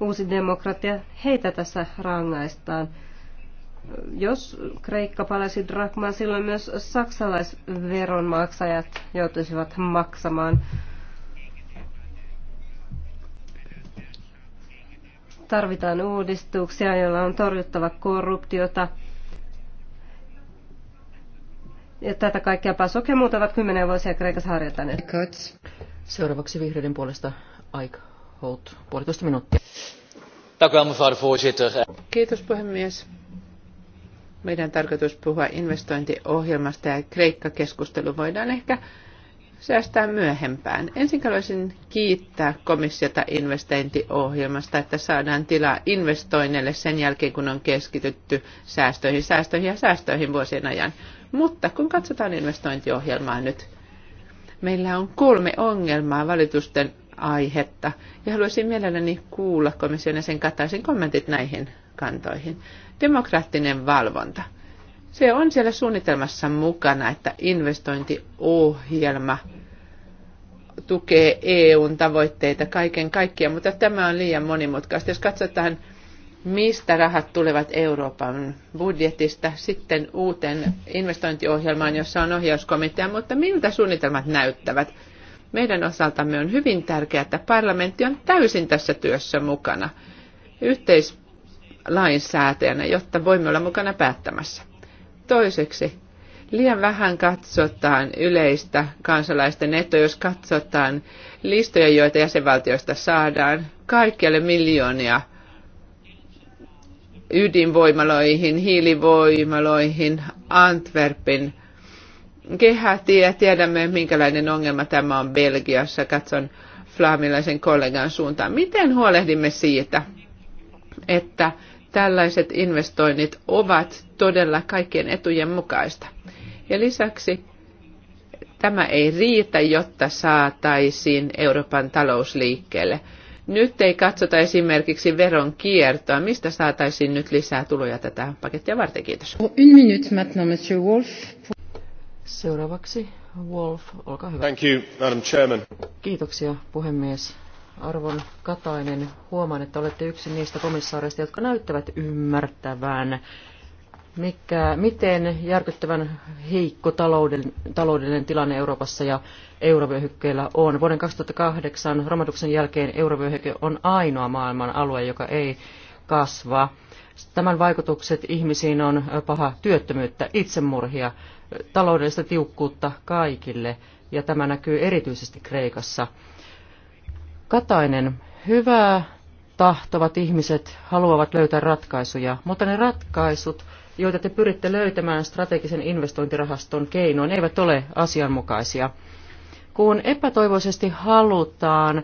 uusi demokratia, heitä tässä rangaistaan. Jos Kreikka palasi drakmaan, silloin myös saksalaisveronmaksajat joutuisivat maksamaan. Tarvitaan uudistuksia, joilla on torjuttava korruptiota. Ja tätä kaikkea PASOK muutavat ovat kymmenen vuosia Kreikassa harjoittaneet. Seuraavaksi vihreiden puolesta aika Kout, puolitoista minuuttia. Kiitos puhemies. Meidän tarkoitus puhua investointiohjelmasta ja Kreikka-keskustelu voidaan ehkä säästää myöhempään. Ensin haluaisin kiittää komissiota investointiohjelmasta, että saadaan tilaa investoinneille sen jälkeen, kun on keskitytty säästöihin, säästöihin ja säästöihin vuosien ajan. Mutta kun katsotaan investointiohjelmaa nyt, meillä on kolme ongelmaa valitusten aihetta. Ja haluaisin mielelläni kuulla komission sen Kataisen kommentit näihin kantoihin. Demokraattinen valvonta. Se on siellä suunnitelmassa mukana, että investointiohjelma tukee EUn tavoitteita kaiken kaikkiaan, mutta tämä on liian monimutkaista. Jos katsotaan, mistä rahat tulevat Euroopan budjetista sitten uuteen investointiohjelmaan, jossa on ohjauskomitea, mutta miltä suunnitelmat näyttävät? Meidän osaltamme on hyvin tärkeää, että parlamentti on täysin tässä työssä mukana yhteislainsäätäjänä, jotta voimme olla mukana päättämässä. Toiseksi, liian vähän katsotaan yleistä kansalaisten etua, jos katsotaan listoja, joita jäsenvaltioista saadaan kaikkialle miljoonia ydinvoimaloihin, hiilivoimaloihin, Antwerpin kehätie. Tiedämme, minkälainen ongelma tämä on Belgiassa. Katson flaamilaisen kollegan suuntaan. Miten huolehdimme siitä, että tällaiset investoinnit ovat todella kaikkien etujen mukaista? Ja lisäksi tämä ei riitä, jotta saataisiin Euroopan talousliikkeelle. Nyt ei katsota esimerkiksi veron kiertoa. Mistä saataisiin nyt lisää tuloja tätä pakettia varten? Kiitos. Pour oh, maintenant, Monsieur Wolf. Seuraavaksi Wolf, olkaa hyvä. Thank you, Madam Chairman. Kiitoksia, puhemies. Arvon Katainen, huomaan, että olette yksi niistä komissaareista, jotka näyttävät ymmärtävän, mikä, miten järkyttävän heikko talouden, taloudellinen tilanne Euroopassa ja eurovyöhykkeellä on. Vuoden 2008 romahduksen jälkeen eurovyöhyke on ainoa maailman alue, joka ei kasva. Tämän vaikutukset ihmisiin on paha työttömyyttä, itsemurhia, taloudellista tiukkuutta kaikille, ja tämä näkyy erityisesti Kreikassa. Katainen, hyvää tahtovat ihmiset haluavat löytää ratkaisuja, mutta ne ratkaisut, joita te pyritte löytämään strategisen investointirahaston keinoin, eivät ole asianmukaisia kun epätoivoisesti halutaan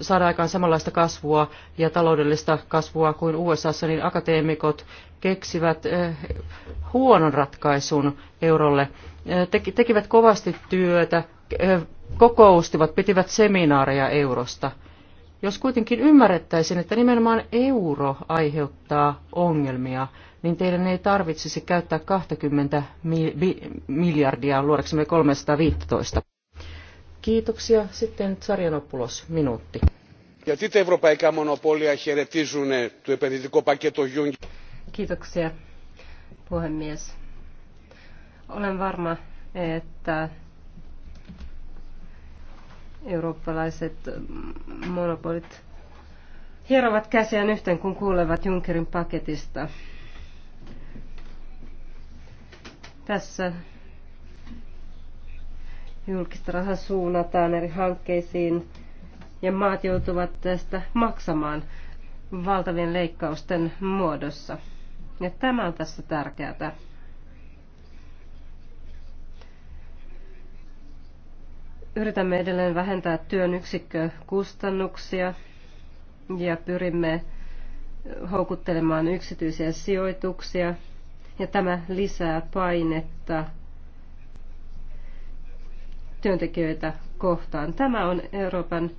saada aikaan samanlaista kasvua ja taloudellista kasvua kuin USA, niin akateemikot keksivät huonon ratkaisun eurolle. tekivät kovasti työtä, kokoustivat, pitivät seminaareja eurosta. Jos kuitenkin ymmärrettäisiin, että nimenomaan euro aiheuttaa ongelmia, niin teidän ei tarvitsisi käyttää 20 miljardia luodaksemme 315. Kiitoksia. Sitten Tsarjanopoulos, minuutti. Γιατί τα ευρωπαϊκά μονοπόλια χαιρετίζουν το επενδυτικό πακέτο Juncker. Kiitoksia, puhemies. Olen varma, että eurooppalaiset mm, monopolit hierovat käsiään yhteen, kun kuulevat Junckerin paketista. Tässä Julkista rahaa suunnataan eri hankkeisiin ja maat joutuvat tästä maksamaan valtavien leikkausten muodossa. Ja tämä on tässä tärkeää. Yritämme edelleen vähentää työn yksikkökustannuksia ja pyrimme houkuttelemaan yksityisiä sijoituksia. Ja tämä lisää painetta työntekijöitä kohtaan. Tämä on Euroopan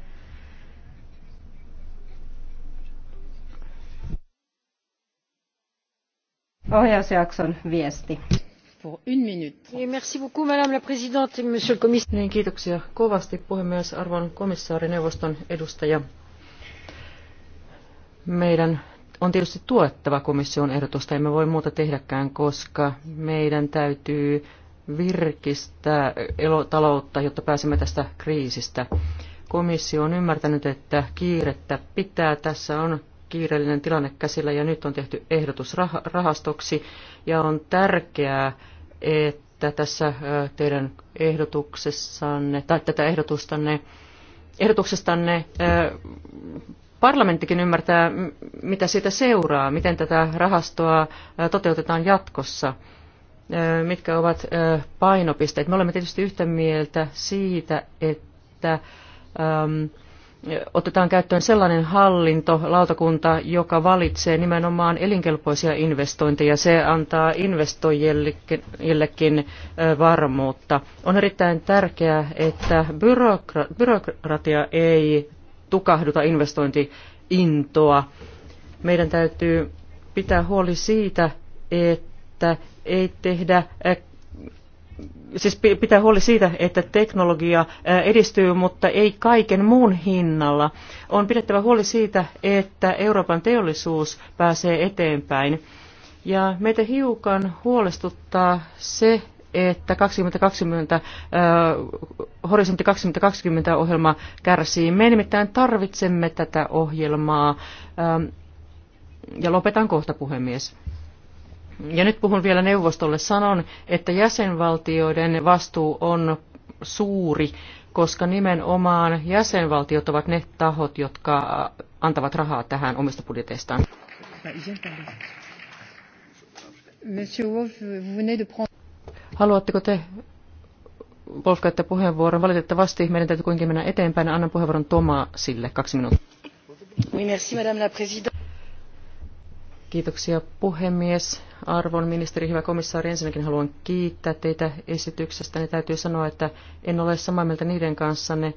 ohjausjakson viesti. Niin, kiitoksia kovasti puhemies, arvon komissaari, neuvoston edustaja. Meidän on tietysti tuettava komission ehdotusta, emme voi muuta tehdäkään, koska meidän täytyy virkistää taloutta, jotta pääsemme tästä kriisistä. Komissio on ymmärtänyt, että kiirettä pitää. Tässä on kiireellinen tilanne käsillä ja nyt on tehty ehdotus rahastoksi ja on tärkeää, että tässä teidän ehdotuksessanne tai tätä ehdotustanne, ehdotuksestanne parlamenttikin ymmärtää, mitä siitä seuraa, miten tätä rahastoa toteutetaan jatkossa mitkä ovat painopisteet. Me olemme tietysti yhtä mieltä siitä, että otetaan käyttöön sellainen hallinto, lautakunta, joka valitsee nimenomaan elinkelpoisia investointeja. Se antaa investoijillekin varmuutta. On erittäin tärkeää, että byrokra- byrokratia ei tukahduta investointiintoa. Meidän täytyy pitää huoli siitä, että että ei tehdä siis pitää huoli siitä, että teknologia edistyy, mutta ei kaiken muun hinnalla. On pidettävä huoli siitä, että Euroopan teollisuus pääsee eteenpäin. Ja meitä hiukan huolestuttaa se, että 2020, äh, Horisontti 2020 ohjelma kärsii. Me nimittäin tarvitsemme tätä ohjelmaa. Ähm, ja lopetan kohta, puhemies ja nyt puhun vielä neuvostolle, sanon, että jäsenvaltioiden vastuu on suuri, koska nimenomaan jäsenvaltiot ovat ne tahot, jotka äh, antavat rahaa tähän omista budjeteistaan. Haluatteko te, Wolf, käyttää puheenvuoron? Valitettavasti meidän täytyy kuitenkin mennä eteenpäin. Annan puheenvuoron Tomasille kaksi minuuttia. Oui, merci, madame la présidente Kiitoksia puhemies. Arvon ministeri, hyvä komissaari, ensinnäkin haluan kiittää teitä esityksestä. Ne täytyy sanoa, että en ole samaa mieltä niiden ne,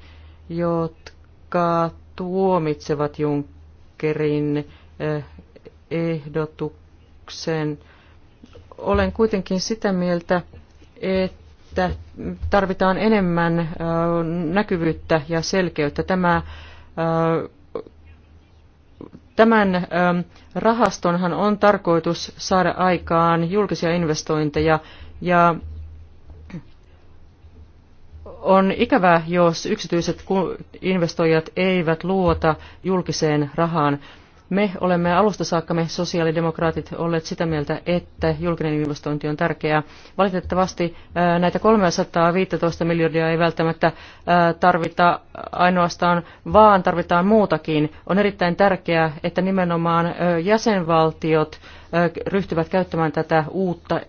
jotka tuomitsevat Junckerin eh, ehdotuksen. Olen kuitenkin sitä mieltä, että tarvitaan enemmän eh, näkyvyyttä ja selkeyttä. Tämä eh, Tämän rahastonhan on tarkoitus saada aikaan julkisia investointeja ja on ikävää, jos yksityiset investoijat eivät luota julkiseen rahaan. Me olemme alusta saakka, me sosiaalidemokraatit, olleet sitä mieltä, että julkinen investointi on tärkeää. Valitettavasti näitä 315 miljardia ei välttämättä tarvita ainoastaan, vaan tarvitaan muutakin. On erittäin tärkeää, että nimenomaan jäsenvaltiot ryhtyvät käyttämään tätä uutta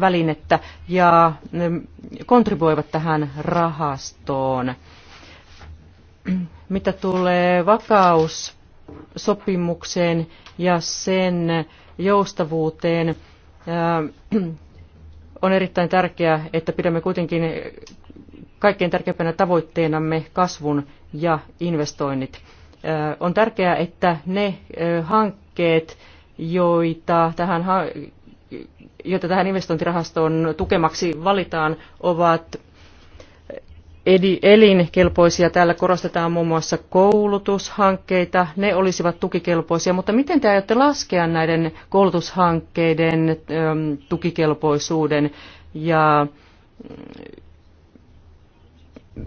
välinettä ja kontribuoivat tähän rahastoon mitä tulee vakaus sopimukseen ja sen joustavuuteen. On erittäin tärkeää, että pidämme kuitenkin kaikkein tärkeimpänä tavoitteenamme kasvun ja investoinnit. On tärkeää, että ne hankkeet, joita tähän, joita tähän investointirahastoon tukemaksi valitaan, ovat elinkelpoisia. Täällä korostetaan muun muassa koulutushankkeita, ne olisivat tukikelpoisia, mutta miten te aiotte laskea näiden koulutushankkeiden tukikelpoisuuden ja mm,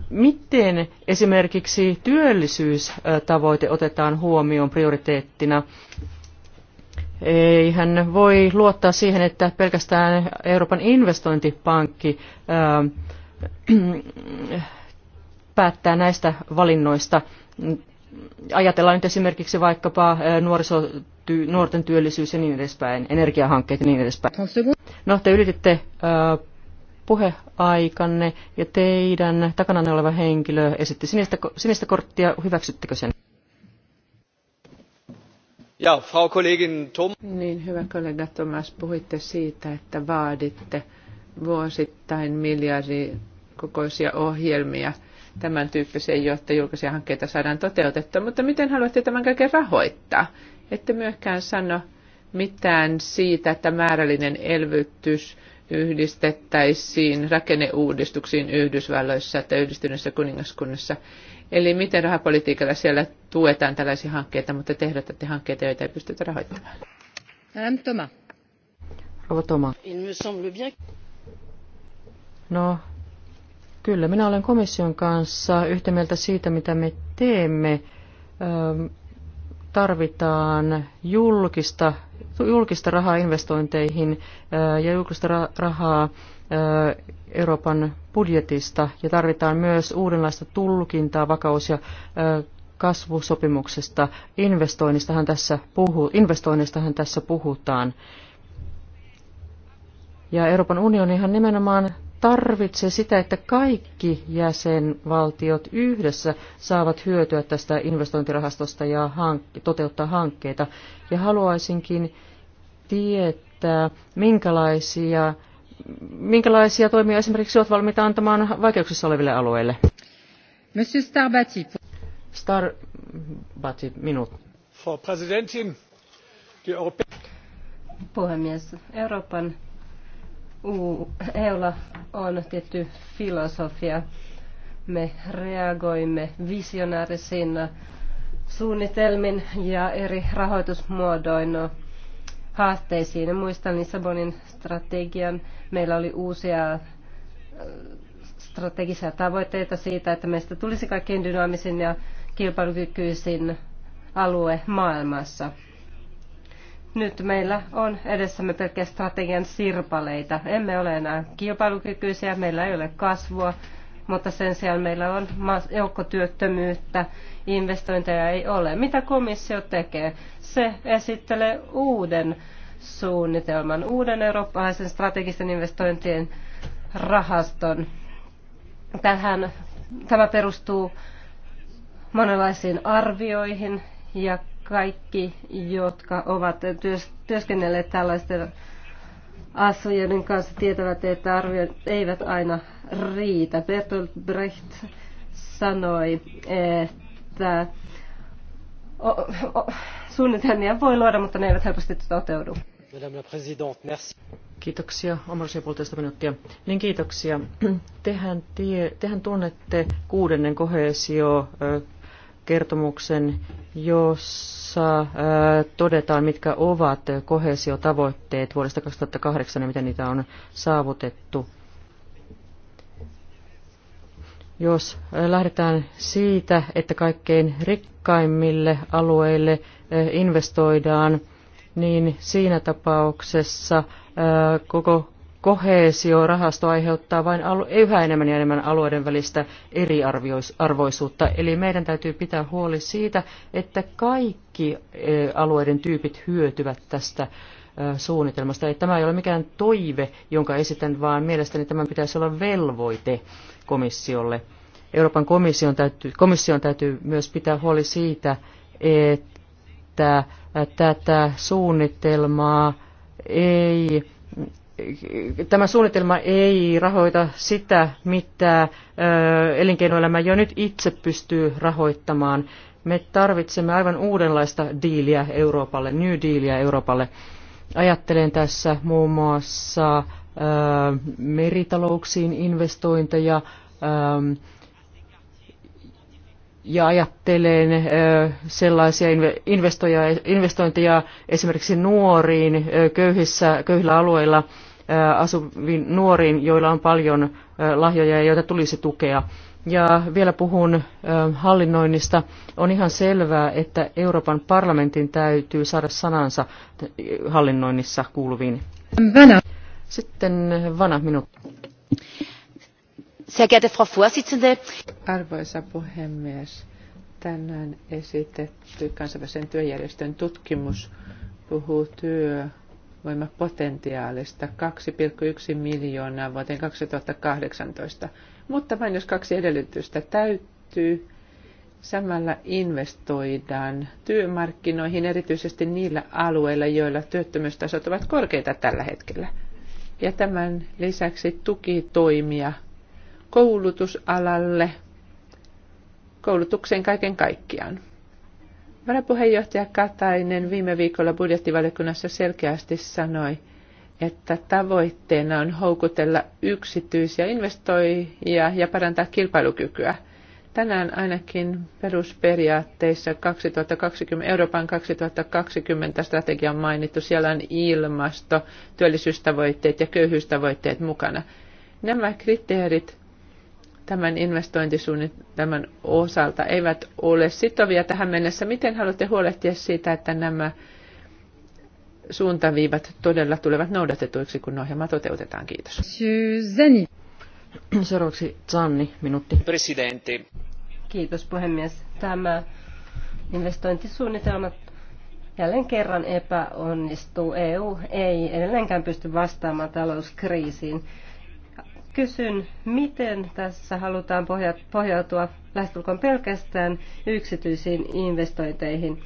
miten esimerkiksi työllisyystavoite otetaan huomioon prioriteettina? Ei hän voi luottaa siihen, että pelkästään Euroopan investointipankki ää, päättää näistä valinnoista. Ajatellaan nyt esimerkiksi vaikkapa nuoriso, nuorten työllisyys ja niin edespäin, energiahankkeet ja niin edespäin. No, te ylititte puheaikanne ja teidän takana oleva henkilö esitti sinistä, sinistä korttia. Hyväksyttekö sen? Ja, Frau Kollegin Tom. Niin, hyvä kollega Thomas, puhuitte siitä, että vaaditte vuosittain miljardi kokoisia ohjelmia tämän tyyppisiä, jotta julkisia hankkeita saadaan toteutettua. Mutta miten haluatte tämän kaiken rahoittaa? Ette myöskään sano mitään siitä, että määrällinen elvytys yhdistettäisiin rakenneuudistuksiin Yhdysvalloissa tai yhdistyneessä kuningaskunnassa. Eli miten rahapolitiikalla siellä tuetaan tällaisia hankkeita, mutta tehdätte hankkeita, joita ei pystytä rahoittamaan? Madame Thomas. Rouva Thomas. No, kyllä minä olen komission kanssa yhtä mieltä siitä, mitä me teemme. Tarvitaan julkista, julkista rahaa investointeihin ja julkista rahaa Euroopan budjetista ja tarvitaan myös uudenlaista tulkintaa vakaus- ja kasvusopimuksesta. Investoinnistahan tässä, puhu, investoinnistahan tässä puhutaan. Ja Euroopan unionihan nimenomaan tarvitse sitä, että kaikki jäsenvaltiot yhdessä saavat hyötyä tästä investointirahastosta ja hank- toteuttaa hankkeita. Ja haluaisinkin tietää, minkälaisia, minkälaisia toimia esimerkiksi olet valmiita antamaan vaikeuksissa oleville alueille. Monsieur Starbati. Starbati, minut. Frau Präsidentin, die Euroopan... Puhemies, Euroopan EUlla on tietty filosofia. Me reagoimme visionäärisin suunnitelmin ja eri rahoitusmuodoin haasteisiin. Muistan Lissabonin strategian. Meillä oli uusia äh, strategisia tavoitteita siitä, että meistä tulisi kaikkein dynaamisin ja kilpailukykyisin alue maailmassa. Nyt meillä on edessämme pelkkä strategian sirpaleita. Emme ole enää kilpailukykyisiä, meillä ei ole kasvua, mutta sen sijaan meillä on joukkotyöttömyyttä, investointeja ei ole. Mitä komissio tekee? Se esittelee uuden suunnitelman, uuden eurooppalaisen strategisten investointien rahaston. Tähän, tämä perustuu monenlaisiin arvioihin ja kaikki, jotka ovat työskennelleet tällaisten asioiden kanssa, tietävät, että arviot eivät aina riitä. Bertolt Brecht sanoi, että suunnitelmia voi luoda, mutta ne eivät helposti toteudu. Madame la présidente, merci. Kiitoksia. Amorosia puolitoista minuuttia. Niin kiitoksia. Tehän, tie, tehän tunnette kuudennen kohesio kertomuksen, jossa äh, todetaan, mitkä ovat kohesiotavoitteet vuodesta 2008 ja miten niitä on saavutettu. Jos äh, lähdetään siitä, että kaikkein rikkaimmille alueille äh, investoidaan, niin siinä tapauksessa koko koheesiorahasto aiheuttaa vain yhä enemmän ja enemmän alueiden välistä eriarvoisuutta. Eli meidän täytyy pitää huoli siitä, että kaikki e, alueiden tyypit hyötyvät tästä e, suunnitelmasta. Ei, tämä ei ole mikään toive, jonka esitän, vaan mielestäni tämän pitäisi olla velvoite komissiolle. Euroopan komission täytyy, komission täytyy myös pitää huoli siitä, että tätä suunnitelmaa ei tämä suunnitelma ei rahoita sitä, mitä elinkeinoelämä jo nyt itse pystyy rahoittamaan. Me tarvitsemme aivan uudenlaista diiliä Euroopalle, new Dealia Euroopalle. Ajattelen tässä muun muassa meritalouksiin investointeja ja ajattelen sellaisia investointeja esimerkiksi nuoriin köyhissä, köyhillä alueilla – asuviin nuoriin, joilla on paljon lahjoja ja joita tulisi tukea. Ja vielä puhun hallinnoinnista. On ihan selvää, että Euroopan parlamentin täytyy saada sanansa hallinnoinnissa kuuluviin. Vana. Sitten Vana minuutti. Arvoisa puhemies, tänään esitetty kansainvälisen työjärjestön tutkimus puhuu työ voimapotentiaalista 2,1 miljoonaa vuoteen 2018, mutta vain jos kaksi edellytystä täyttyy, samalla investoidaan työmarkkinoihin erityisesti niillä alueilla, joilla työttömyystasot ovat korkeita tällä hetkellä. Ja tämän lisäksi tukitoimia koulutusalalle, koulutukseen kaiken kaikkiaan. Varapuheenjohtaja Katainen viime viikolla budjettivaliokunnassa selkeästi sanoi, että tavoitteena on houkutella yksityisiä investoijia ja parantaa kilpailukykyä. Tänään ainakin perusperiaatteissa 2020, Euroopan 2020 strategia on mainittu. Siellä on ilmasto, työllisyystavoitteet ja köyhyystavoitteet mukana. Nämä kriteerit tämän investointisuunnitelman osalta eivät ole sitovia tähän mennessä. Miten haluatte huolehtia siitä, että nämä suuntaviivat todella tulevat noudatetuiksi, kun ohjelma toteutetaan? Kiitos. Seuraavaksi Zanni, minuutti. Presidentti. Kiitos puhemies. Tämä investointisuunnitelma jälleen kerran epäonnistuu. EU ei edelleenkään pysty vastaamaan talouskriisiin. Kysyn, miten tässä halutaan pohjautua lähestulkoon pelkästään yksityisiin investointeihin.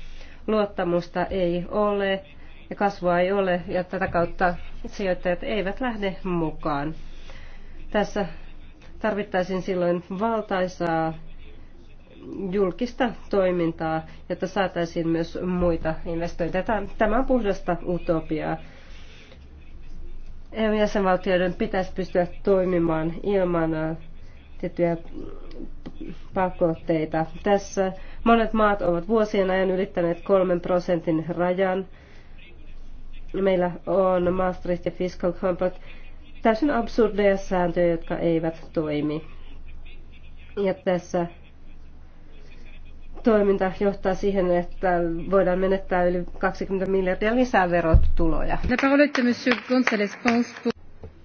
Luottamusta ei ole ja kasvua ei ole ja tätä kautta sijoittajat eivät lähde mukaan. Tässä tarvittaisiin silloin valtaisaa julkista toimintaa, jotta saataisiin myös muita investointeja. Tämä on puhdasta utopiaa. EU-jäsenvaltioiden pitäisi pystyä toimimaan ilman tiettyjä pakotteita. Tässä monet maat ovat vuosien ajan ylittäneet kolmen prosentin rajan. Meillä on Maastricht ja Fiscal Compact täysin absurdeja sääntöjä, jotka eivät toimi. Ja tässä toiminta johtaa siihen, että voidaan menettää yli 20 miljardia lisää verotuloja.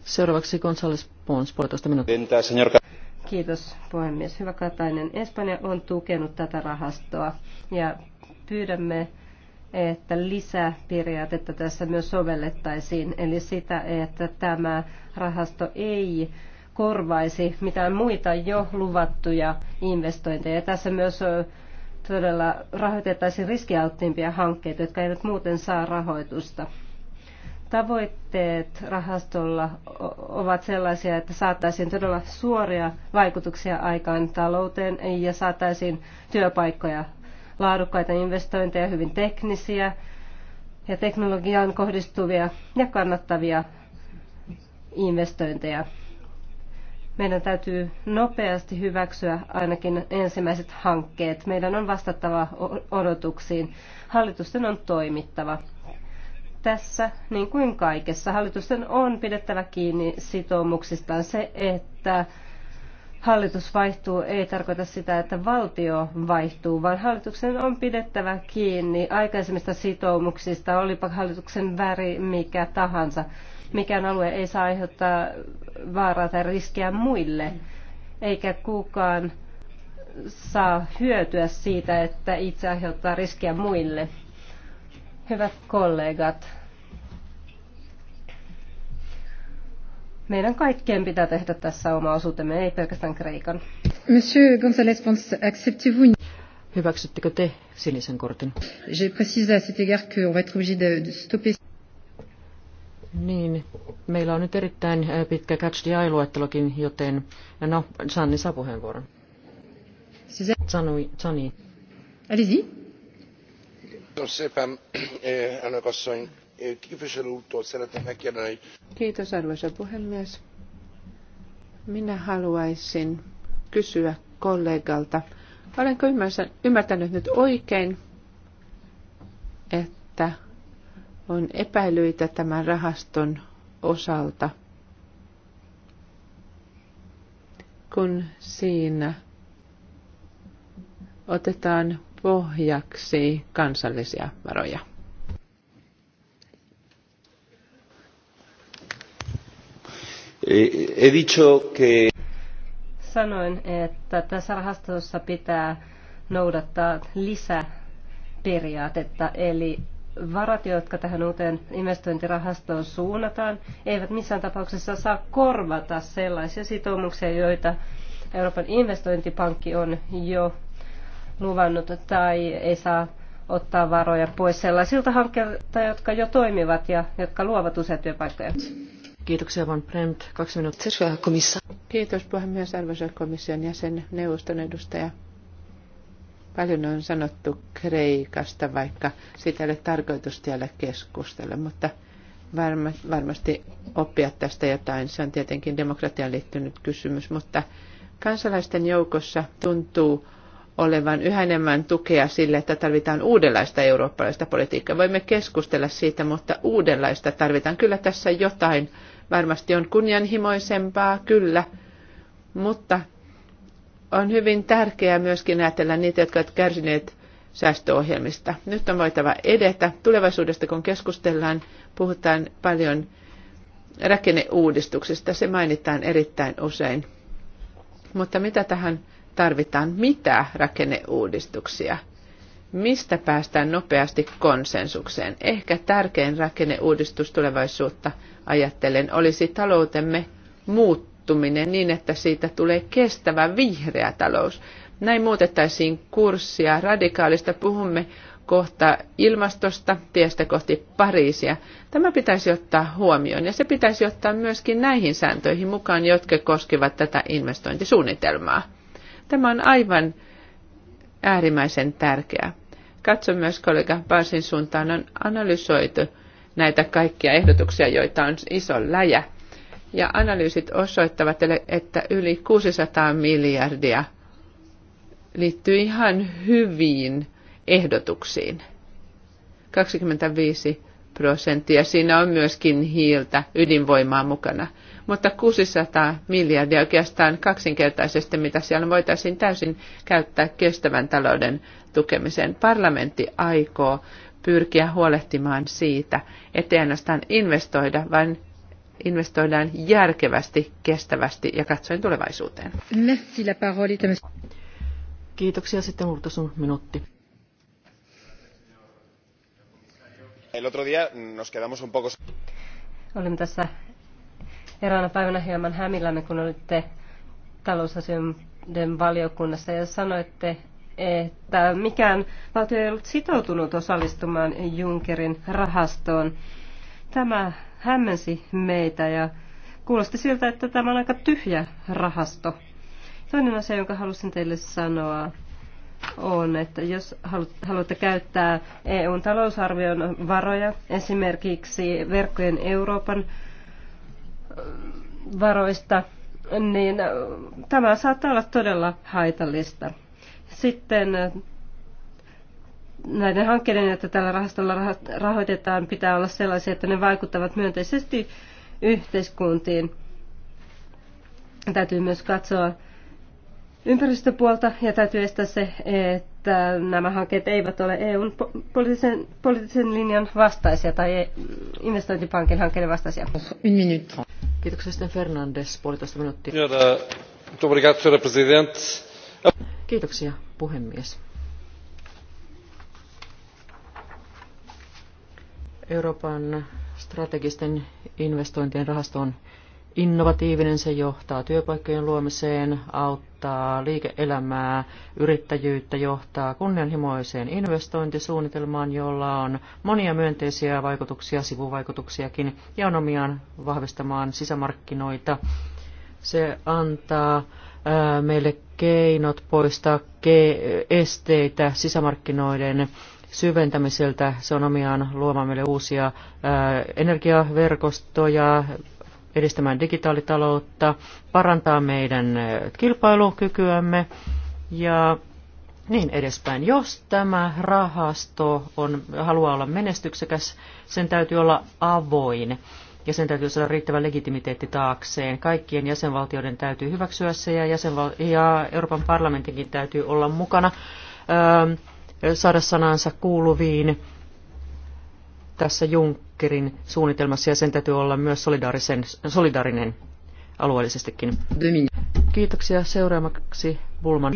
Seuraavaksi Gonzales Pons, puolitoista minuuttia. Kiitos puhemies. Hyvä Katainen. Espanja on tukenut tätä rahastoa ja pyydämme, että lisäperiaatetta tässä myös sovellettaisiin, eli sitä, että tämä rahasto ei korvaisi mitään muita jo luvattuja investointeja. Tässä myös todella rahoitettaisiin riskialttiimpia hankkeita, jotka eivät muuten saa rahoitusta. Tavoitteet rahastolla ovat sellaisia, että saataisiin todella suoria vaikutuksia aikaan talouteen ja saataisiin työpaikkoja, laadukkaita investointeja, hyvin teknisiä ja teknologiaan kohdistuvia ja kannattavia investointeja. Meidän täytyy nopeasti hyväksyä ainakin ensimmäiset hankkeet. Meidän on vastattava odotuksiin. Hallitusten on toimittava. Tässä, niin kuin kaikessa, hallitusten on pidettävä kiinni sitoumuksistaan. Se, että hallitus vaihtuu, ei tarkoita sitä, että valtio vaihtuu, vaan hallituksen on pidettävä kiinni aikaisemmista sitoumuksista, olipa hallituksen väri mikä tahansa. Mikään alue ei saa aiheuttaa vaaraa tai riskiä muille, eikä kukaan saa hyötyä siitä, että itse aiheuttaa riskiä muille. Hyvät kollegat, meidän kaikkien pitää tehdä tässä oma osuutemme, ei pelkästään Kreikan. Monsieur González Pons, acceptez-vous Hyväksyttekö te sinisen kortin? Je précise à cet égard on va être obligé de stopper. Niin, meillä on nyt erittäin äh, pitkä Catch the Eye-luettelokin, joten no, Sanni saa puheenvuoron. Sanni. Allez-y. Eh, eh, Kiitos arvoisa puhemies. Minä haluaisin kysyä kollegalta, olenko ymmärtänyt nyt oikein, että on epäilyitä tämän rahaston osalta, kun siinä otetaan pohjaksi kansallisia varoja. Eh, he dicho que... Sanoin, että tässä rahastossa pitää noudattaa lisäperiaatetta, eli varat, jotka tähän uuteen investointirahastoon suunnataan, eivät missään tapauksessa saa korvata sellaisia sitoumuksia, joita Euroopan investointipankki on jo luvannut tai ei saa ottaa varoja pois sellaisilta hankkeilta, jotka jo toimivat ja jotka luovat useita työpaikkoja. Kiitoksia, Van Brent. Kaksi minuuttia. Kiitos puhemies, arvoisa komission jäsen, neuvoston edustaja. Paljon on sanottu Kreikasta, vaikka sitä ei ole tarkoitus täällä keskustella, mutta varma, varmasti oppia tästä jotain. Se on tietenkin demokratiaan liittynyt kysymys, mutta kansalaisten joukossa tuntuu olevan yhä enemmän tukea sille, että tarvitaan uudenlaista eurooppalaista politiikkaa. Voimme keskustella siitä, mutta uudenlaista tarvitaan. Kyllä tässä jotain varmasti on kunnianhimoisempaa, kyllä, mutta on hyvin tärkeää myöskin ajatella niitä, jotka ovat kärsineet säästöohjelmista. Nyt on voitava edetä. Tulevaisuudesta kun keskustellaan, puhutaan paljon rakenneuudistuksista. Se mainitaan erittäin usein. Mutta mitä tähän tarvitaan? Mitä rakenneuudistuksia? Mistä päästään nopeasti konsensukseen? Ehkä tärkein rakenneuudistus tulevaisuutta ajattelen olisi taloutemme muuttuminen muuttuminen niin, että siitä tulee kestävä vihreä talous. Näin muutettaisiin kurssia radikaalista. Puhumme kohta ilmastosta, tiestä kohti Pariisia. Tämä pitäisi ottaa huomioon ja se pitäisi ottaa myöskin näihin sääntöihin mukaan, jotka koskevat tätä investointisuunnitelmaa. Tämä on aivan äärimmäisen tärkeää. Katso myös kollega Barsin suuntaan on analysoitu näitä kaikkia ehdotuksia, joita on iso läjä – ja analyysit osoittavat, että yli 600 miljardia liittyy ihan hyviin ehdotuksiin. 25 prosenttia. Siinä on myöskin hiiltä, ydinvoimaa mukana. Mutta 600 miljardia oikeastaan kaksinkertaisesti, mitä siellä voitaisiin täysin käyttää kestävän talouden tukemiseen. Parlamentti aikoo pyrkiä huolehtimaan siitä, ettei ainoastaan investoida, vaan investoidaan järkevästi, kestävästi ja katsoen tulevaisuuteen. Merci, la parole Kiitoksia. Sitten sun minuutti. El otro día nos quedamos un poco... Olemme tässä eräänä päivänä hieman hämillämme, kun olitte talousasioiden valiokunnassa ja sanoitte, että mikään valtio ei ollut sitoutunut osallistumaan Junckerin rahastoon. Tämä hämmensi meitä ja kuulosti siltä, että tämä on aika tyhjä rahasto. Toinen asia, jonka halusin teille sanoa, on, että jos haluatte käyttää EUn talousarvion varoja, esimerkiksi verkkojen Euroopan varoista, niin tämä saattaa olla todella haitallista. Sitten näiden hankkeiden, joita tällä rahastolla rahoitetaan, pitää olla sellaisia, että ne vaikuttavat myönteisesti yhteiskuntiin. Täytyy myös katsoa ympäristöpuolta ja täytyy estää se, että nämä hankkeet eivät ole EUn poliittisen, poliittisen linjan vastaisia tai e-, investointipankin hankkeiden vastaisia. Kiitoksia sitten Fernandes, puolitoista minuuttia. Kiitoksia puhemies. Euroopan strategisten investointien rahasto on innovatiivinen, se johtaa työpaikkojen luomiseen, auttaa liike-elämää, yrittäjyyttä, johtaa kunnianhimoiseen investointisuunnitelmaan, jolla on monia myönteisiä vaikutuksia, sivuvaikutuksiakin, ja on omiaan vahvistamaan sisämarkkinoita. Se antaa meille keinot poistaa esteitä sisämarkkinoiden syventämiseltä. Se on omiaan luomaan meille uusia energiaverkostoja, edistämään digitaalitaloutta, parantaa meidän kilpailukykyämme ja niin edespäin. Jos tämä rahasto on, haluaa olla menestyksekäs, sen täytyy olla avoin ja sen täytyy saada riittävä legitimiteetti taakseen. Kaikkien jäsenvaltioiden täytyy hyväksyä se ja, jäsenval- ja Euroopan parlamentinkin täytyy olla mukana. Öö, saada sanansa kuuluviin tässä Junckerin suunnitelmassa ja sen täytyy olla myös solidaarisen, solidaarinen alueellisestikin. Kiitoksia. Seuraavaksi Bulman.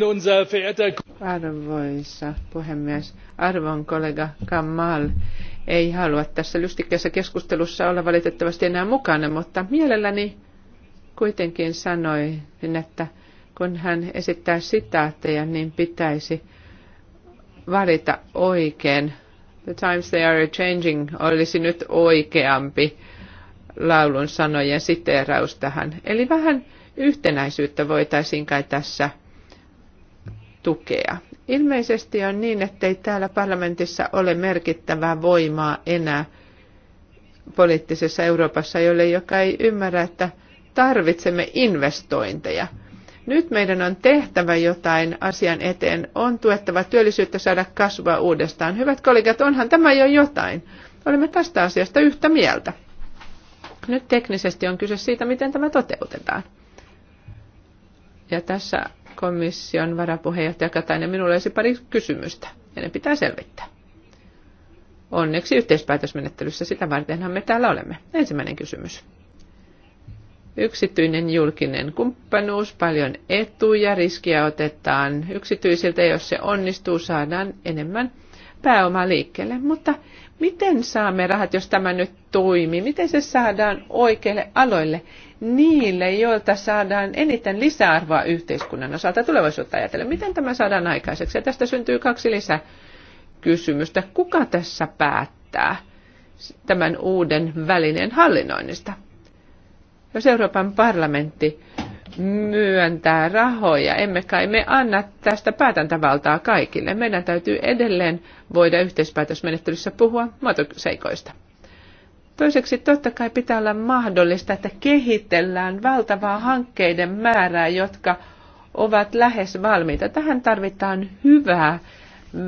Arvoisa puhemies, arvon kollega Kamal ei halua tässä lystikkässä keskustelussa olla valitettavasti enää mukana, mutta mielelläni kuitenkin sanoi, että kun hän esittää sitaatteja, niin pitäisi valita oikein. The times they are changing olisi nyt oikeampi laulun sanojen siteeraus tähän. Eli vähän yhtenäisyyttä voitaisiin kai tässä tukea. Ilmeisesti on niin, ettei täällä parlamentissa ole merkittävää voimaa enää poliittisessa Euroopassa, jolle joka ei ymmärrä, että tarvitsemme investointeja – nyt meidän on tehtävä jotain asian eteen. On tuettava työllisyyttä saada kasvua uudestaan. Hyvät kollegat, onhan tämä jo jotain. Olemme tästä asiasta yhtä mieltä. Nyt teknisesti on kyse siitä, miten tämä toteutetaan. Ja tässä komission varapuheenjohtaja Katainen, minulla olisi pari kysymystä, ja ne pitää selvittää. Onneksi yhteispäätösmenettelyssä sitä vartenhan me täällä olemme. Ensimmäinen kysymys yksityinen julkinen kumppanuus, paljon etuja, riskiä otetaan yksityisiltä, jos se onnistuu, saadaan enemmän pääomaa liikkeelle. Mutta miten saamme rahat, jos tämä nyt toimii? Miten se saadaan oikeille aloille? Niille, joilta saadaan eniten lisäarvoa yhteiskunnan osalta tulevaisuutta ajatellen. Miten tämä saadaan aikaiseksi? Ja tästä syntyy kaksi lisää kysymystä. Kuka tässä päättää tämän uuden välineen hallinnoinnista? Jos Euroopan parlamentti myöntää rahoja, emme kai me anna tästä päätäntävaltaa kaikille. Meidän täytyy edelleen voida yhteispäätösmenettelyssä puhua muotoseikoista. Toiseksi totta kai pitää olla mahdollista, että kehitellään valtavaa hankkeiden määrää, jotka ovat lähes valmiita. Tähän tarvitaan hyvää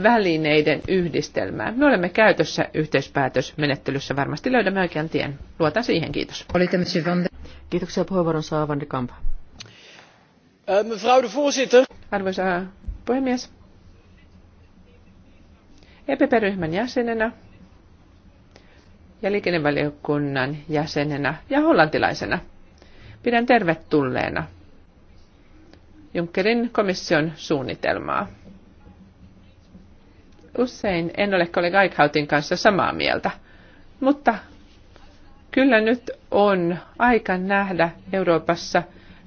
välineiden yhdistelmää. Me olemme käytössä yhteispäätösmenettelyssä. Varmasti löydämme oikean tien. Luotan siihen. Kiitos. Kiitoksia puheenvuoron saa Van de Kamp. Eh, mevrouw de voorzitter. Arvoisa puhemies. EPP-ryhmän jäsenenä ja liikennevaliokunnan jäsenenä ja hollantilaisena pidän tervetulleena Junckerin komission suunnitelmaa. Usein en ole kollega Eichhautin kanssa samaa mieltä, mutta kyllä nyt on aika nähdä Euroopassa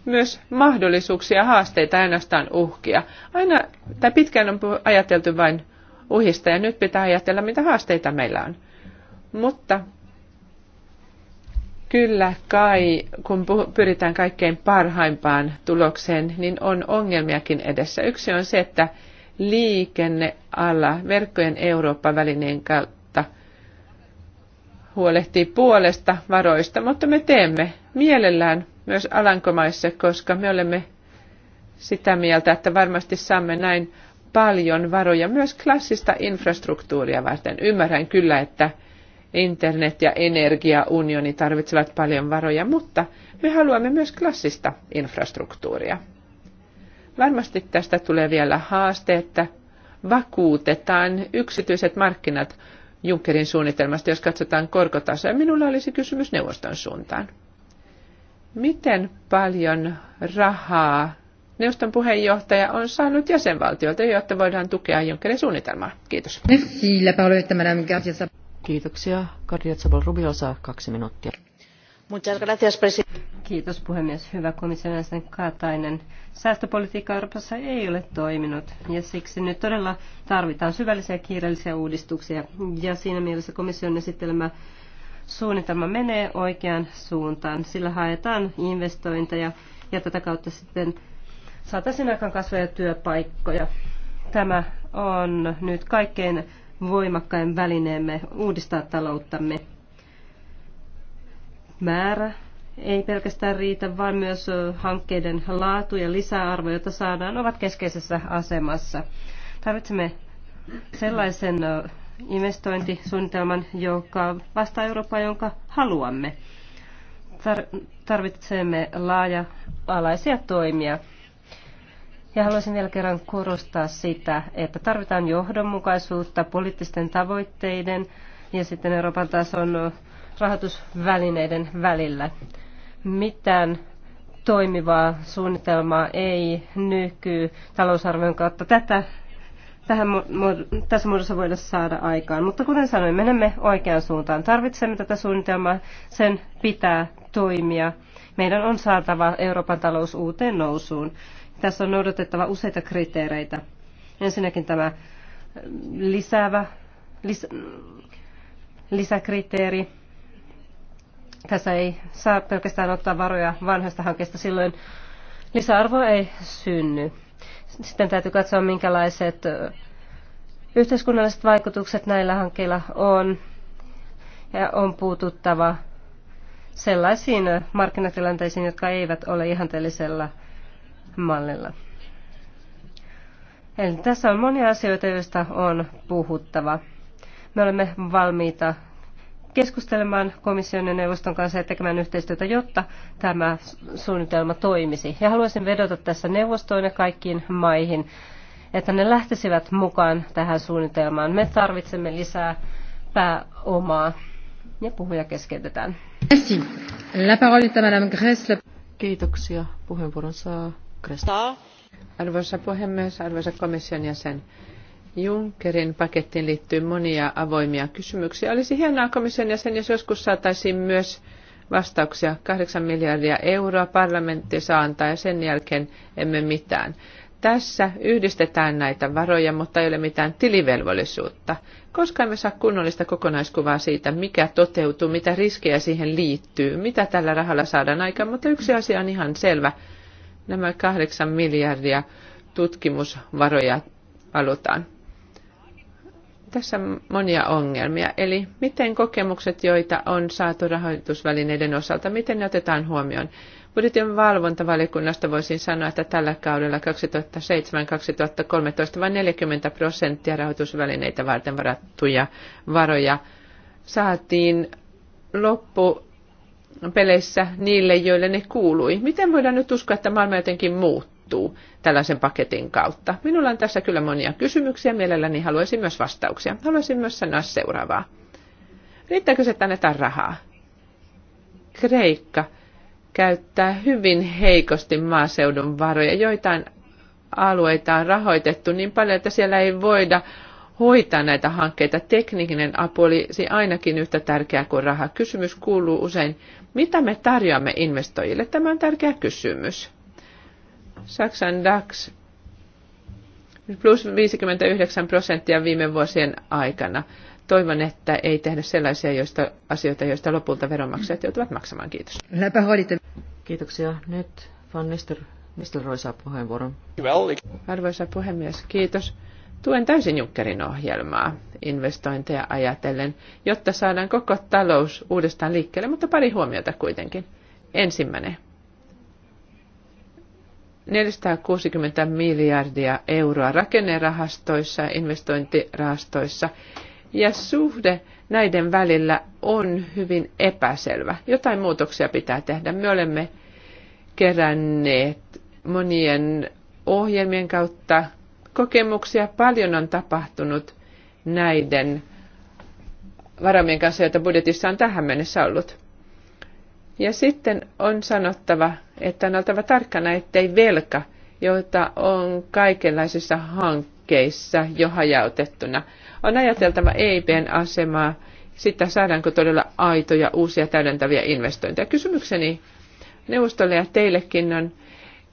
myös mahdollisuuksia, haasteita, ainoastaan uhkia. Aina, tai pitkään on ajateltu vain uhista ja nyt pitää ajatella, mitä haasteita meillä on. Mutta kyllä kai, kun pyritään kaikkein parhaimpaan tulokseen, niin on ongelmiakin edessä. Yksi on se, että liikenneala verkkojen Eurooppa-välineen kautta huolehtii puolesta varoista, mutta me teemme mielellään myös Alankomaissa, koska me olemme sitä mieltä, että varmasti saamme näin paljon varoja myös klassista infrastruktuuria varten. Ymmärrän kyllä, että internet- ja energiaunioni tarvitsevat paljon varoja, mutta me haluamme myös klassista infrastruktuuria. Varmasti tästä tulee vielä haaste, että vakuutetaan yksityiset markkinat Junckerin suunnitelmasta, jos katsotaan korkotasoa. Minulla olisi kysymys neuvoston suuntaan. Miten paljon rahaa neuvoston puheenjohtaja on saanut jäsenvaltiolta, jotta voidaan tukea Junckerin suunnitelmaa? Kiitos. Merci. La parole est à Kiitoksia. Kardia Sabal Rubio kaksi minuuttia. Kiitos puhemies. Hyvä komission jäsen Katainen. Säästöpolitiikka Euroopassa ei ole toiminut ja siksi nyt todella tarvitaan syvällisiä ja kiireellisiä uudistuksia. Ja siinä mielessä komission esittelemä suunnitelma menee oikeaan suuntaan. Sillä haetaan investointeja ja tätä kautta sitten saataisiin aikaan kasvoja työpaikkoja. Tämä on nyt kaikkein voimakkain välineemme uudistaa talouttamme määrä ei pelkästään riitä, vaan myös hankkeiden laatu ja lisäarvo, jota saadaan, ovat keskeisessä asemassa. Tarvitsemme sellaisen investointisuunnitelman, joka vastaa Eurooppaa, jonka haluamme. Tarvitsemme laaja-alaisia toimia. Ja haluaisin vielä kerran korostaa sitä, että tarvitaan johdonmukaisuutta poliittisten tavoitteiden ja sitten Euroopan tason rahoitusvälineiden välillä. Mitään toimivaa suunnitelmaa ei nyky talousarvion kautta tätä tähän, tässä muodossa voida saada aikaan. Mutta kuten sanoin, menemme oikeaan suuntaan. Tarvitsemme tätä suunnitelmaa, sen pitää toimia. Meidän on saatava Euroopan talous uuteen nousuun. Tässä on noudatettava useita kriteereitä. Ensinnäkin tämä lisäävä, lis, lisäkriteeri, tässä ei saa pelkästään ottaa varoja vanhasta hankkeesta, silloin lisäarvoa ei synny. Sitten täytyy katsoa, minkälaiset yhteiskunnalliset vaikutukset näillä hankkeilla on. Ja on puututtava sellaisiin markkinatilanteisiin, jotka eivät ole ihanteellisella mallilla. Eli tässä on monia asioita, joista on puhuttava. Me olemme valmiita keskustelemaan komission ja neuvoston kanssa ja tekemään yhteistyötä, jotta tämä suunnitelma toimisi. Ja haluaisin vedota tässä neuvostoon ja kaikkiin maihin, että ne lähtisivät mukaan tähän suunnitelmaan. Me tarvitsemme lisää pääomaa. Ja puhuja keskeytetään. Merci. La parole est à Madame Gressle. Kiitoksia. Puheenvuoron saa Gressle. Arvoisa puhemies, arvoisa komission jäsen. Junckerin pakettiin liittyy monia avoimia kysymyksiä. Olisi hienoa komission jäsen, jos joskus saataisiin myös vastauksia. 8 miljardia euroa parlamentti saa antaa ja sen jälkeen emme mitään. Tässä yhdistetään näitä varoja, mutta ei ole mitään tilivelvollisuutta. Koska emme saa kunnollista kokonaiskuvaa siitä, mikä toteutuu, mitä riskejä siihen liittyy, mitä tällä rahalla saadaan aikaan, mutta yksi asia on ihan selvä. Nämä kahdeksan miljardia tutkimusvaroja alutaan. Tässä on monia ongelmia. Eli miten kokemukset, joita on saatu rahoitusvälineiden osalta, miten ne otetaan huomioon? Budjetin valvontavalikunnasta voisin sanoa, että tällä kaudella 2007-2013 vain 40 prosenttia rahoitusvälineitä varten varattuja varoja saatiin loppupeleissä niille, joille ne kuului. Miten voidaan nyt uskoa, että maailma jotenkin muuttuu? muuttuu tällaisen paketin kautta? Minulla on tässä kyllä monia kysymyksiä mielelläni, haluaisin myös vastauksia. Haluaisin myös sanoa seuraavaa. Riittääkö se, että annetaan rahaa? Kreikka käyttää hyvin heikosti maaseudun varoja. Joitain alueita on rahoitettu niin paljon, että siellä ei voida hoitaa näitä hankkeita. Tekninen apu olisi ainakin yhtä tärkeää kuin raha. Kysymys kuuluu usein, mitä me tarjoamme investoijille? Tämä on tärkeä kysymys. Saksan DAX plus 59 prosenttia viime vuosien aikana. Toivon, että ei tehdä sellaisia joista, asioita, joista lopulta veronmaksajat joutuvat maksamaan. Kiitos. Kiitoksia. Nyt Van Nistel, Nistelrooy saa puheenvuoron. Arvoisa puhemies, kiitos. Tuen täysin Junckerin ohjelmaa investointeja ajatellen, jotta saadaan koko talous uudestaan liikkeelle, mutta pari huomiota kuitenkin. Ensimmäinen 460 miljardia euroa rakennerahastoissa ja investointirahastoissa. Ja suhde näiden välillä on hyvin epäselvä. Jotain muutoksia pitää tehdä. Me olemme keränneet monien ohjelmien kautta kokemuksia. Paljon on tapahtunut näiden varamien kanssa, joita budjetissa on tähän mennessä ollut. Ja sitten on sanottava, että on oltava tarkkana, ettei velka, jota on kaikenlaisissa hankkeissa jo hajautettuna, on ajateltava EIPn asemaa, sitä saadaanko todella aitoja uusia täydentäviä investointeja. Kysymykseni neuvostolle ja teillekin on,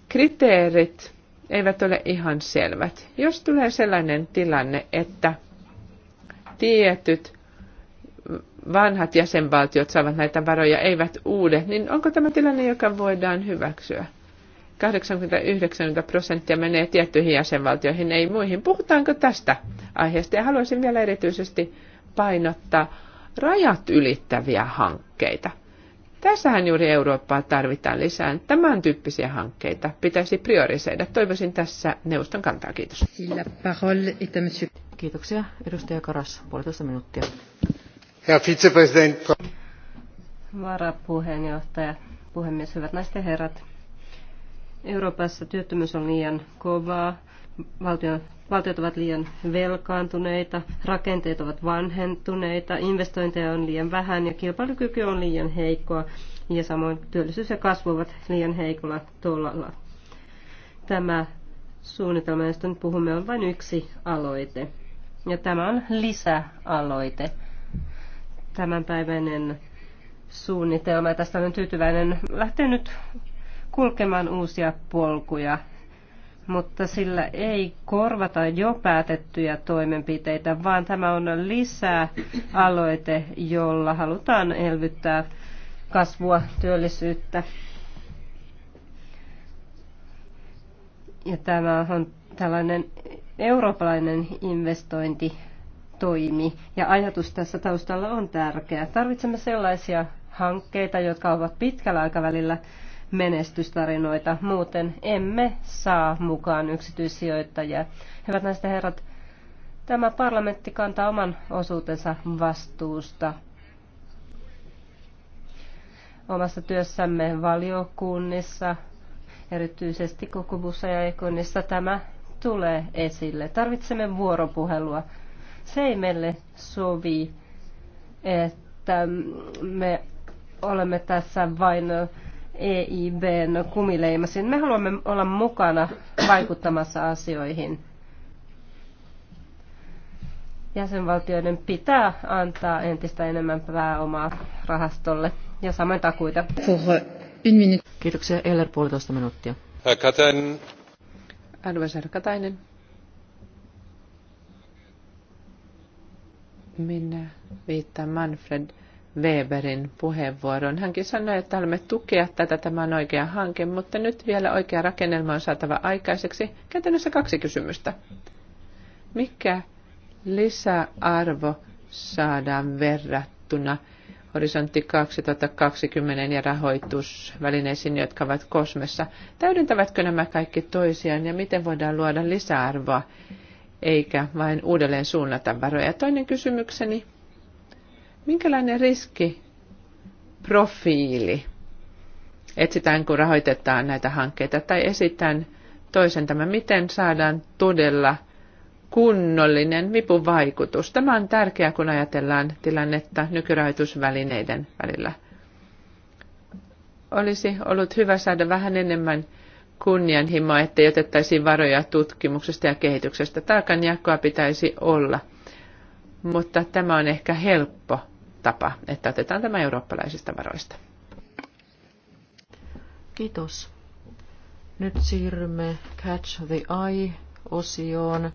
kriteerit eivät ole ihan selvät. Jos tulee sellainen tilanne, että tietyt vanhat jäsenvaltiot saavat näitä varoja, eivät uudet, niin onko tämä tilanne, joka voidaan hyväksyä? 80-90 prosenttia menee tiettyihin jäsenvaltioihin, ei muihin. Puhutaanko tästä aiheesta? Ja haluaisin vielä erityisesti painottaa rajat ylittäviä hankkeita. Tässähän juuri Eurooppaa tarvitaan lisää. Tämän tyyppisiä hankkeita pitäisi priorisoida. Toivoisin tässä neuvoston kantaa. Kiitos. Kiitoksia. Edustaja Karas, puolitoista minuuttia. Herr Vizepräsident. Varapuheenjohtaja, puhemies, hyvät naiset ja herrat. Euroopassa työttömyys on liian kovaa, valtiot ovat liian velkaantuneita, rakenteet ovat vanhentuneita, investointeja on liian vähän ja kilpailukyky on liian heikkoa ja samoin työllisyys ja kasvu ovat liian heikolla tolalla. Tämä suunnitelma, josta nyt puhumme, on vain yksi aloite ja tämä on lisäaloite tämänpäiväinen suunnitelma, ja tästä olen tyytyväinen, lähtee nyt kulkemaan uusia polkuja, mutta sillä ei korvata jo päätettyjä toimenpiteitä, vaan tämä on lisää aloite, jolla halutaan elvyttää kasvua, työllisyyttä. Ja tämä on tällainen eurooppalainen investointi toimi. Ja ajatus tässä taustalla on tärkeä. Tarvitsemme sellaisia hankkeita, jotka ovat pitkällä aikavälillä menestystarinoita. Muuten emme saa mukaan yksityissijoittajia. Hyvät näistä herrat, tämä parlamentti kantaa oman osuutensa vastuusta. Omassa työssämme valiokunnissa, erityisesti kokoomussa ja ekonissa, tämä tulee esille. Tarvitsemme vuoropuhelua se ei meille sovi, että me olemme tässä vain EIBn kumileimasin. Me haluamme olla mukana vaikuttamassa asioihin. Jäsenvaltioiden pitää antaa entistä enemmän pääomaa rahastolle ja samoin takuita. Euh, Kiitoksia. Eller puolitoista minuuttia. Katainen. Arvoisa Katainen. minne viittaan Manfred Weberin puheenvuoron. Hänkin sanoi, että olemme tukea tätä, tämä on oikea hanke, mutta nyt vielä oikea rakennelma on saatava aikaiseksi. Käytännössä kaksi kysymystä. Mikä lisäarvo saadaan verrattuna Horisontti 2020 ja rahoitusvälineisiin, jotka ovat kosmessa? Täydentävätkö nämä kaikki toisiaan ja miten voidaan luoda lisäarvoa? eikä vain uudelleen suunnata varoja. Toinen kysymykseni, minkälainen riski profiili etsitään, kun rahoitetaan näitä hankkeita, tai esitän toisen tämän, miten saadaan todella kunnollinen vipuvaikutus. Tämä on tärkeää, kun ajatellaan tilannetta nykyrahoitusvälineiden välillä. Olisi ollut hyvä saada vähän enemmän kunnianhimoa, ettei otettaisiin varoja tutkimuksesta ja kehityksestä. Taakanjakoa pitäisi olla, mutta tämä on ehkä helppo tapa, että otetaan tämä eurooppalaisista varoista. Kiitos. Nyt siirrymme Catch the Eye-osioon.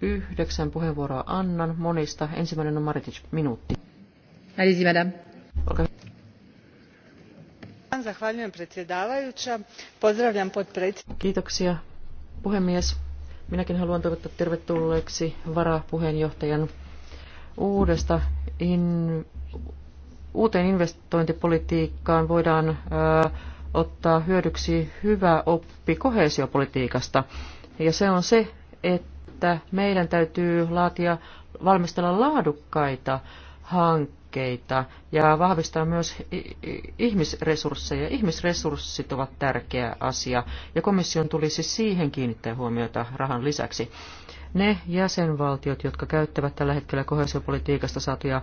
Yhdeksän puheenvuoroa annan monista. Ensimmäinen on Maritic, minuutti. Allez-y, madame. Olkaa hyvä. Zahvaljujem predsjedavajuća. Pozdravljam potpredsjednika. Kiitoksia puhemies. Minäkin haluan toivottaa tervetulleeksi varapuheenjohtajan uudesta in, uuteen investointipolitiikkaan voidaan ottaa hyödyksi hyvä oppi kohesiopolitiikasta. Ja se on se, että meidän täytyy laatia, valmistella laadukkaita hankkeita hankkeita ja vahvistaa myös ihmisresursseja. Ihmisresurssit ovat tärkeä asia ja komission tulisi siihen kiinnittää huomiota rahan lisäksi. Ne jäsenvaltiot, jotka käyttävät tällä hetkellä kohesiopolitiikasta saatuja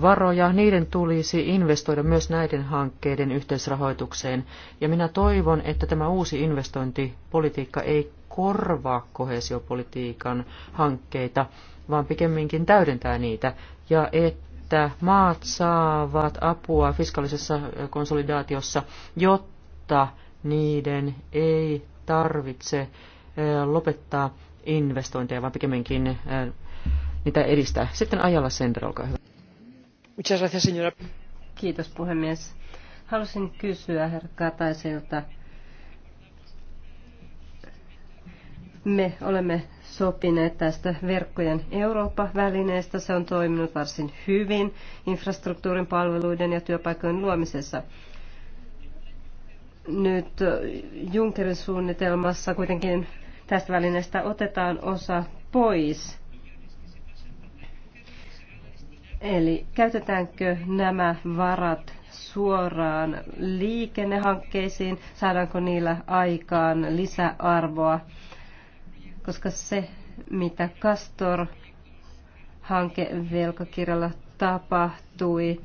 varoja, niiden tulisi investoida myös näiden hankkeiden yhteisrahoitukseen. Ja minä toivon, että tämä uusi investointipolitiikka ei korvaa kohesiopolitiikan hankkeita, vaan pikemminkin täydentää niitä, ja että että maat saavat apua fiskaalisessa konsolidaatiossa, jotta niiden ei tarvitse lopettaa investointeja, vaan pikemminkin niitä edistää. Sitten Ajala Sender, olkaa hyvä. Kiitos puhemies. Halusin kysyä herra Kataiselta. Me olemme sopineet tästä verkkojen Eurooppa-välineestä. Se on toiminut varsin hyvin infrastruktuurin palveluiden ja työpaikkojen luomisessa. Nyt äh, Junckerin suunnitelmassa kuitenkin tästä välineestä otetaan osa pois. Eli käytetäänkö nämä varat suoraan liikennehankkeisiin? Saadaanko niillä aikaan lisäarvoa? koska se, mitä Kastor hankevelkakirjalla tapahtui,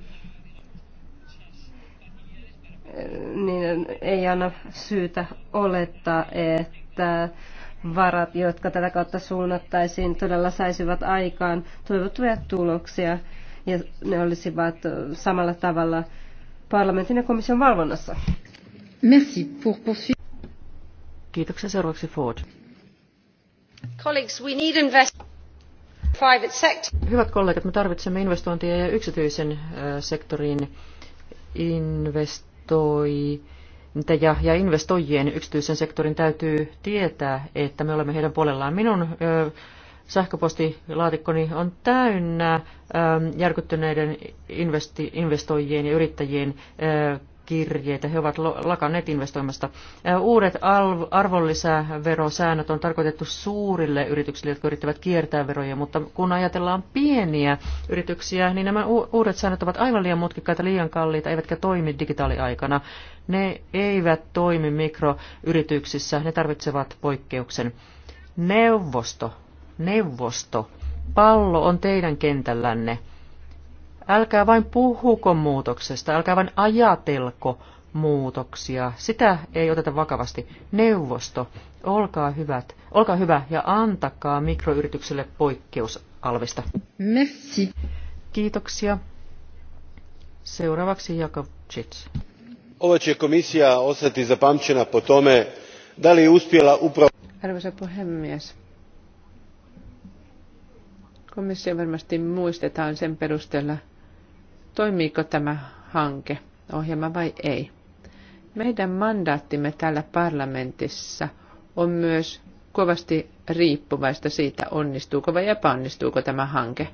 niin ei anna syytä olettaa, että varat, jotka tätä kautta suunnattaisiin, todella saisivat aikaan toivottuja tuloksia ja ne olisivat samalla tavalla parlamentin ja komission valvonnassa. Merci pour Kiitoksia seuraavaksi Ford. Hyvät kollegat, me tarvitsemme investointia ja yksityisen sektorin investoi ja, investoijien yksityisen sektorin täytyy tietää, että me olemme heidän puolellaan. Minun sähköpostilaatikkoni on täynnä järkyttyneiden investoijien ja yrittäjien kirjeitä. He ovat lakanneet investoimasta. Uudet arvonlisäverosäännöt on tarkoitettu suurille yrityksille, jotka yrittävät kiertää veroja, mutta kun ajatellaan pieniä yrityksiä, niin nämä uudet säännöt ovat aivan liian mutkikkaita, liian kalliita, eivätkä toimi digitaaliaikana. Ne eivät toimi mikroyrityksissä, ne tarvitsevat poikkeuksen. Neuvosto, neuvosto, pallo on teidän kentällänne Älkää vain puhuko muutoksesta, älkää vain ajatelko muutoksia. Sitä ei oteta vakavasti. Neuvosto, olkaa hyvät, olkaa hyvä ja antakaa mikroyritykselle poikkeus alvista. Merci. Kiitoksia. Seuraavaksi Jakovčić. Ova će komisija ostati zapamćena po tome da li je uspjela upravo... Arvoisa puhemies, komissio varmasti muistetaan sen perusteella, toimiiko tämä hanke, ohjelma vai ei. Meidän mandaattimme täällä parlamentissa on myös kovasti riippuvaista siitä, onnistuuko vai epäonnistuuko tämä hanke.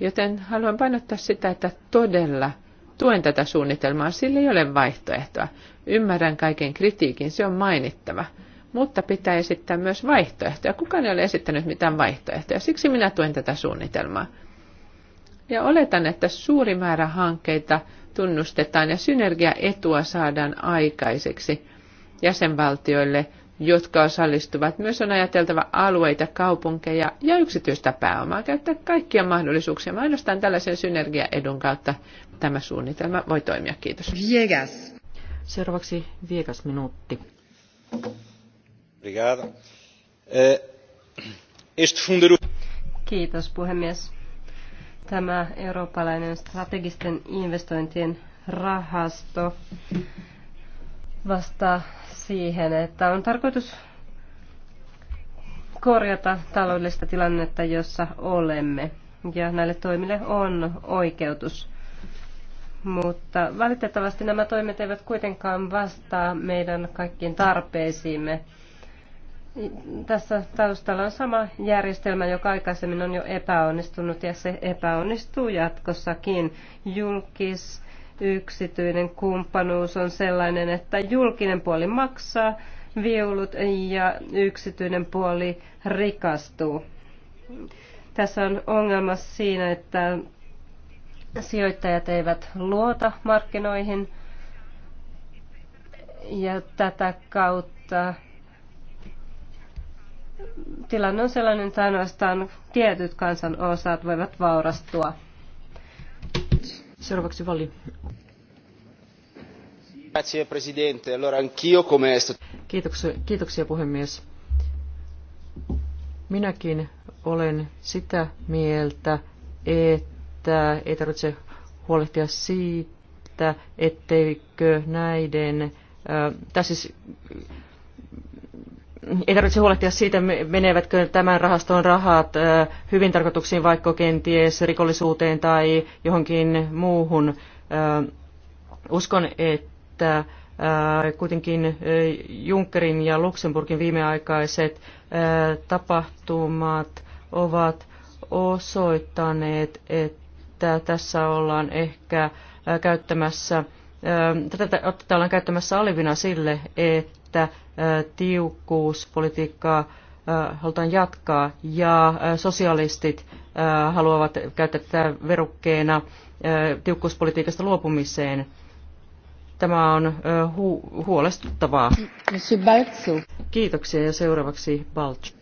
Joten haluan painottaa sitä, että todella tuen tätä suunnitelmaa, sillä ei ole vaihtoehtoa. Ymmärrän kaiken kritiikin, se on mainittava. Mutta pitää esittää myös vaihtoehtoja. Kukaan ei ole esittänyt mitään vaihtoehtoja, siksi minä tuen tätä suunnitelmaa. Ja oletan, että suuri määrä hankkeita tunnustetaan ja synergiaetua saadaan aikaiseksi jäsenvaltioille, jotka osallistuvat. Myös on ajateltava alueita, kaupunkeja ja yksityistä pääomaa, käyttää kaikkia mahdollisuuksia. ainoastaan tällaisen synergiaedun kautta tämä suunnitelma voi toimia. Kiitos. Viegas. Seuraavaksi Viegas minuutti. Eh, Kiitos puhemies Tämä eurooppalainen strategisten investointien rahasto vastaa siihen, että on tarkoitus korjata taloudellista tilannetta, jossa olemme. Ja näille toimille on oikeutus. Mutta valitettavasti nämä toimet eivät kuitenkaan vastaa meidän kaikkien tarpeisiimme. Tässä taustalla on sama järjestelmä, joka aikaisemmin on jo epäonnistunut ja se epäonnistuu jatkossakin. Julkis, yksityinen kumppanuus on sellainen, että julkinen puoli maksaa viulut ja yksityinen puoli rikastuu. Tässä on ongelma siinä, että sijoittajat eivät luota markkinoihin ja tätä kautta tilanne on sellainen, että ainoastaan tietyt kansanosat voivat vaurastua. Seuraavaksi Valli. Grazie Presidente. Allora anch'io come... Kiitoksia, kiitoksia puhemies. Minäkin olen sitä mieltä, että ei tarvitse huolehtia siitä, etteikö näiden, äh, siis ei tarvitse huolehtia siitä, menevätkö tämän rahaston rahat hyvin tarkoituksiin, vaikka kenties rikollisuuteen tai johonkin muuhun. Uskon, että kuitenkin Junckerin ja Luxemburgin viimeaikaiset tapahtumat ovat osoittaneet, että tässä ollaan ehkä käyttämässä, tätä ollaan käyttämässä alivina sille, että että tiukkuuspolitiikkaa halutaan jatkaa ja sosialistit haluavat käyttää tätä verukkeena tiukkuuspolitiikasta luopumiseen. Tämä on hu- huolestuttavaa. Kiitoksia ja seuraavaksi Balch.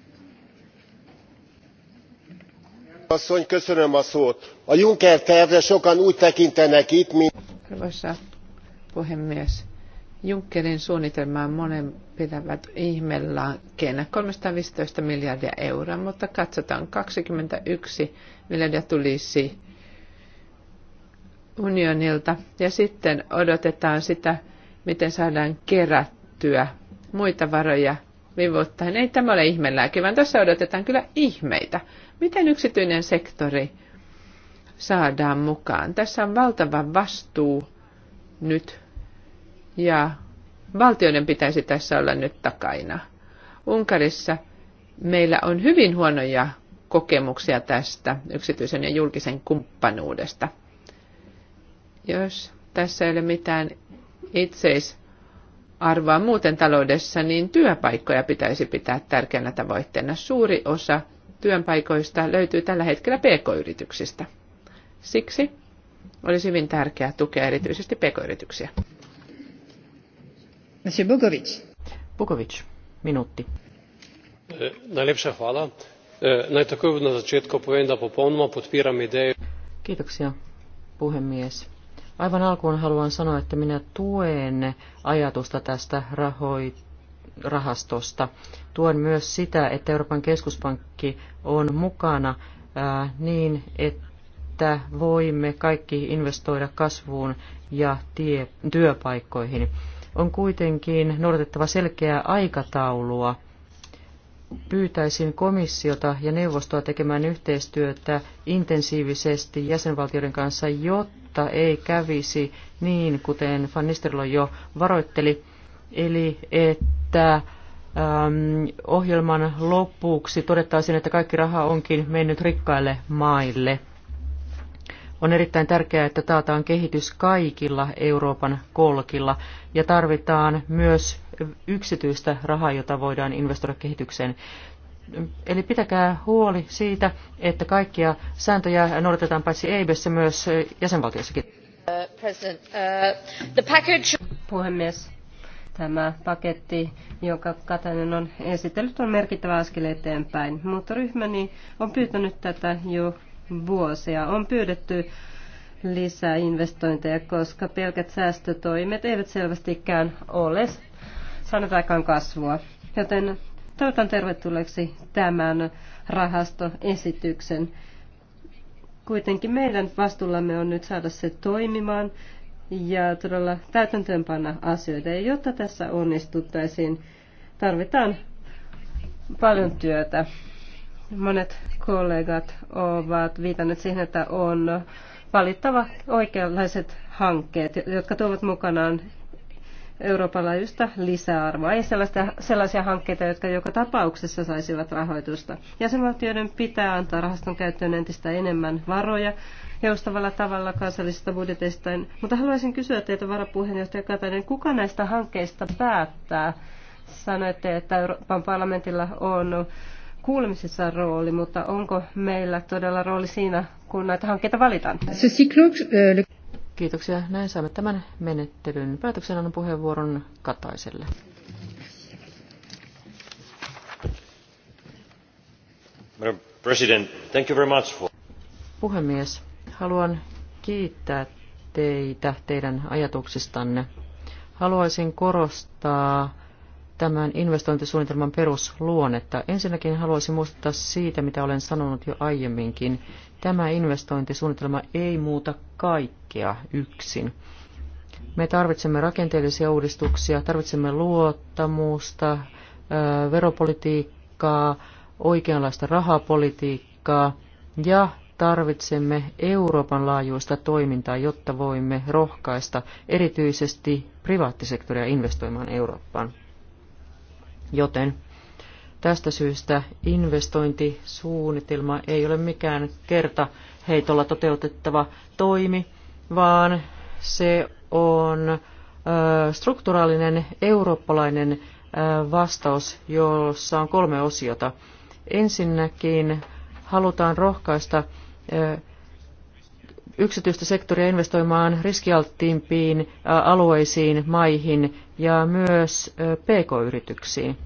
asszony köszönöm a szót. A Juncker tervre sokan úgy tekintenek itt, mint... Arvoisa puhemies, Junckerin suunnitelmaa monen pitävät ihmelankkeena 315 miljardia euroa, mutta katsotaan 21 miljardia tulisi unionilta ja sitten odotetaan sitä, miten saadaan kerättyä muita varoja vivuuttaen. Ei tämä ole ihmelääke, vaan tässä odotetaan kyllä ihmeitä. Miten yksityinen sektori saadaan mukaan? Tässä on valtava vastuu nyt ja valtioiden pitäisi tässä olla nyt takaina. Unkarissa meillä on hyvin huonoja kokemuksia tästä yksityisen ja julkisen kumppanuudesta. Jos tässä ei ole mitään itseisarvoa muuten taloudessa, niin työpaikkoja pitäisi pitää tärkeänä tavoitteena. Suuri osa työpaikoista löytyy tällä hetkellä pk-yrityksistä. Siksi olisi hyvin tärkeää tukea erityisesti pk-yrityksiä minuutti. E, najlepša hvala. E, naj takoj na začetku povem, da popolnoma podpiram ideju. Kiitoksia, puhemies. Aivan alkuun haluan sanoa, että minä tuen ajatusta tästä rahoit- rahastosta. Tuen myös sitä, että Euroopan keskuspankki on mukana ää, niin, että voimme kaikki investoida kasvuun ja tie- työpaikkoihin. On kuitenkin noudatettava selkeää aikataulua. Pyytäisin komissiota ja neuvostoa tekemään yhteistyötä intensiivisesti jäsenvaltioiden kanssa, jotta ei kävisi niin, kuten Van Nistelrooy jo varoitteli, eli että ohjelman lopuksi todettaisiin, että kaikki raha onkin mennyt rikkaille maille. On erittäin tärkeää, että taataan kehitys kaikilla Euroopan kolkilla ja tarvitaan myös yksityistä rahaa, jota voidaan investoida kehitykseen. Eli pitäkää huoli siitä, että kaikkia sääntöjä noudatetaan paitsi EIBessä myös jäsenvaltiossakin. Puhemies, tämä paketti, jonka Katainen on esitellyt, on merkittävä askel eteenpäin, mutta ryhmäni on pyytänyt tätä jo vuosia. On pyydetty lisää investointeja, koska pelkät säästötoimet eivät selvästikään ole sanotaankaan kasvua. Joten toivotan tervetulleeksi tämän rahastoesityksen. Kuitenkin meidän vastuullamme on nyt saada se toimimaan ja todella täytäntöönpanna asioita. Ja jotta tässä onnistuttaisiin, tarvitaan paljon työtä. Monet kollegat ovat viitanneet siihen, että on valittava oikeanlaiset hankkeet, jotka tuovat mukanaan Euroopan laajuista lisäarvoa. Ei sellaista, sellaisia hankkeita, jotka joka tapauksessa saisivat rahoitusta. Jäsenvaltioiden pitää antaa rahaston käyttöön entistä enemmän varoja joustavalla tavalla kansallisista budjeteista. Mutta haluaisin kysyä teiltä varapuheenjohtaja Katainen, kuka näistä hankkeista päättää? Sanoitte, että Euroopan parlamentilla on kuulemisessa rooli, mutta onko meillä todella rooli siinä, kun näitä hankkeita valitaan? Euh, Kiitoksia. Näin saamme tämän menettelyn. Päätöksen annan puheenvuoron Kataiselle. President, thank you very much for... Puhemies, haluan kiittää teitä teidän ajatuksistanne. Haluaisin korostaa tämän investointisuunnitelman perusluonnetta. Ensinnäkin haluaisin muistuttaa siitä, mitä olen sanonut jo aiemminkin. Tämä investointisuunnitelma ei muuta kaikkea yksin. Me tarvitsemme rakenteellisia uudistuksia, tarvitsemme luottamusta, veropolitiikkaa, oikeanlaista rahapolitiikkaa ja tarvitsemme Euroopan laajuista toimintaa, jotta voimme rohkaista erityisesti privaattisektoria investoimaan Eurooppaan. Joten tästä syystä investointisuunnitelma ei ole mikään kerta heitolla toteutettava toimi, vaan se on strukturaalinen eurooppalainen vastaus, jossa on kolme osiota. Ensinnäkin halutaan rohkaista yksityistä sektoria investoimaan riskialttiimpiin alueisiin, maihin ja myös pk-yrityksiin.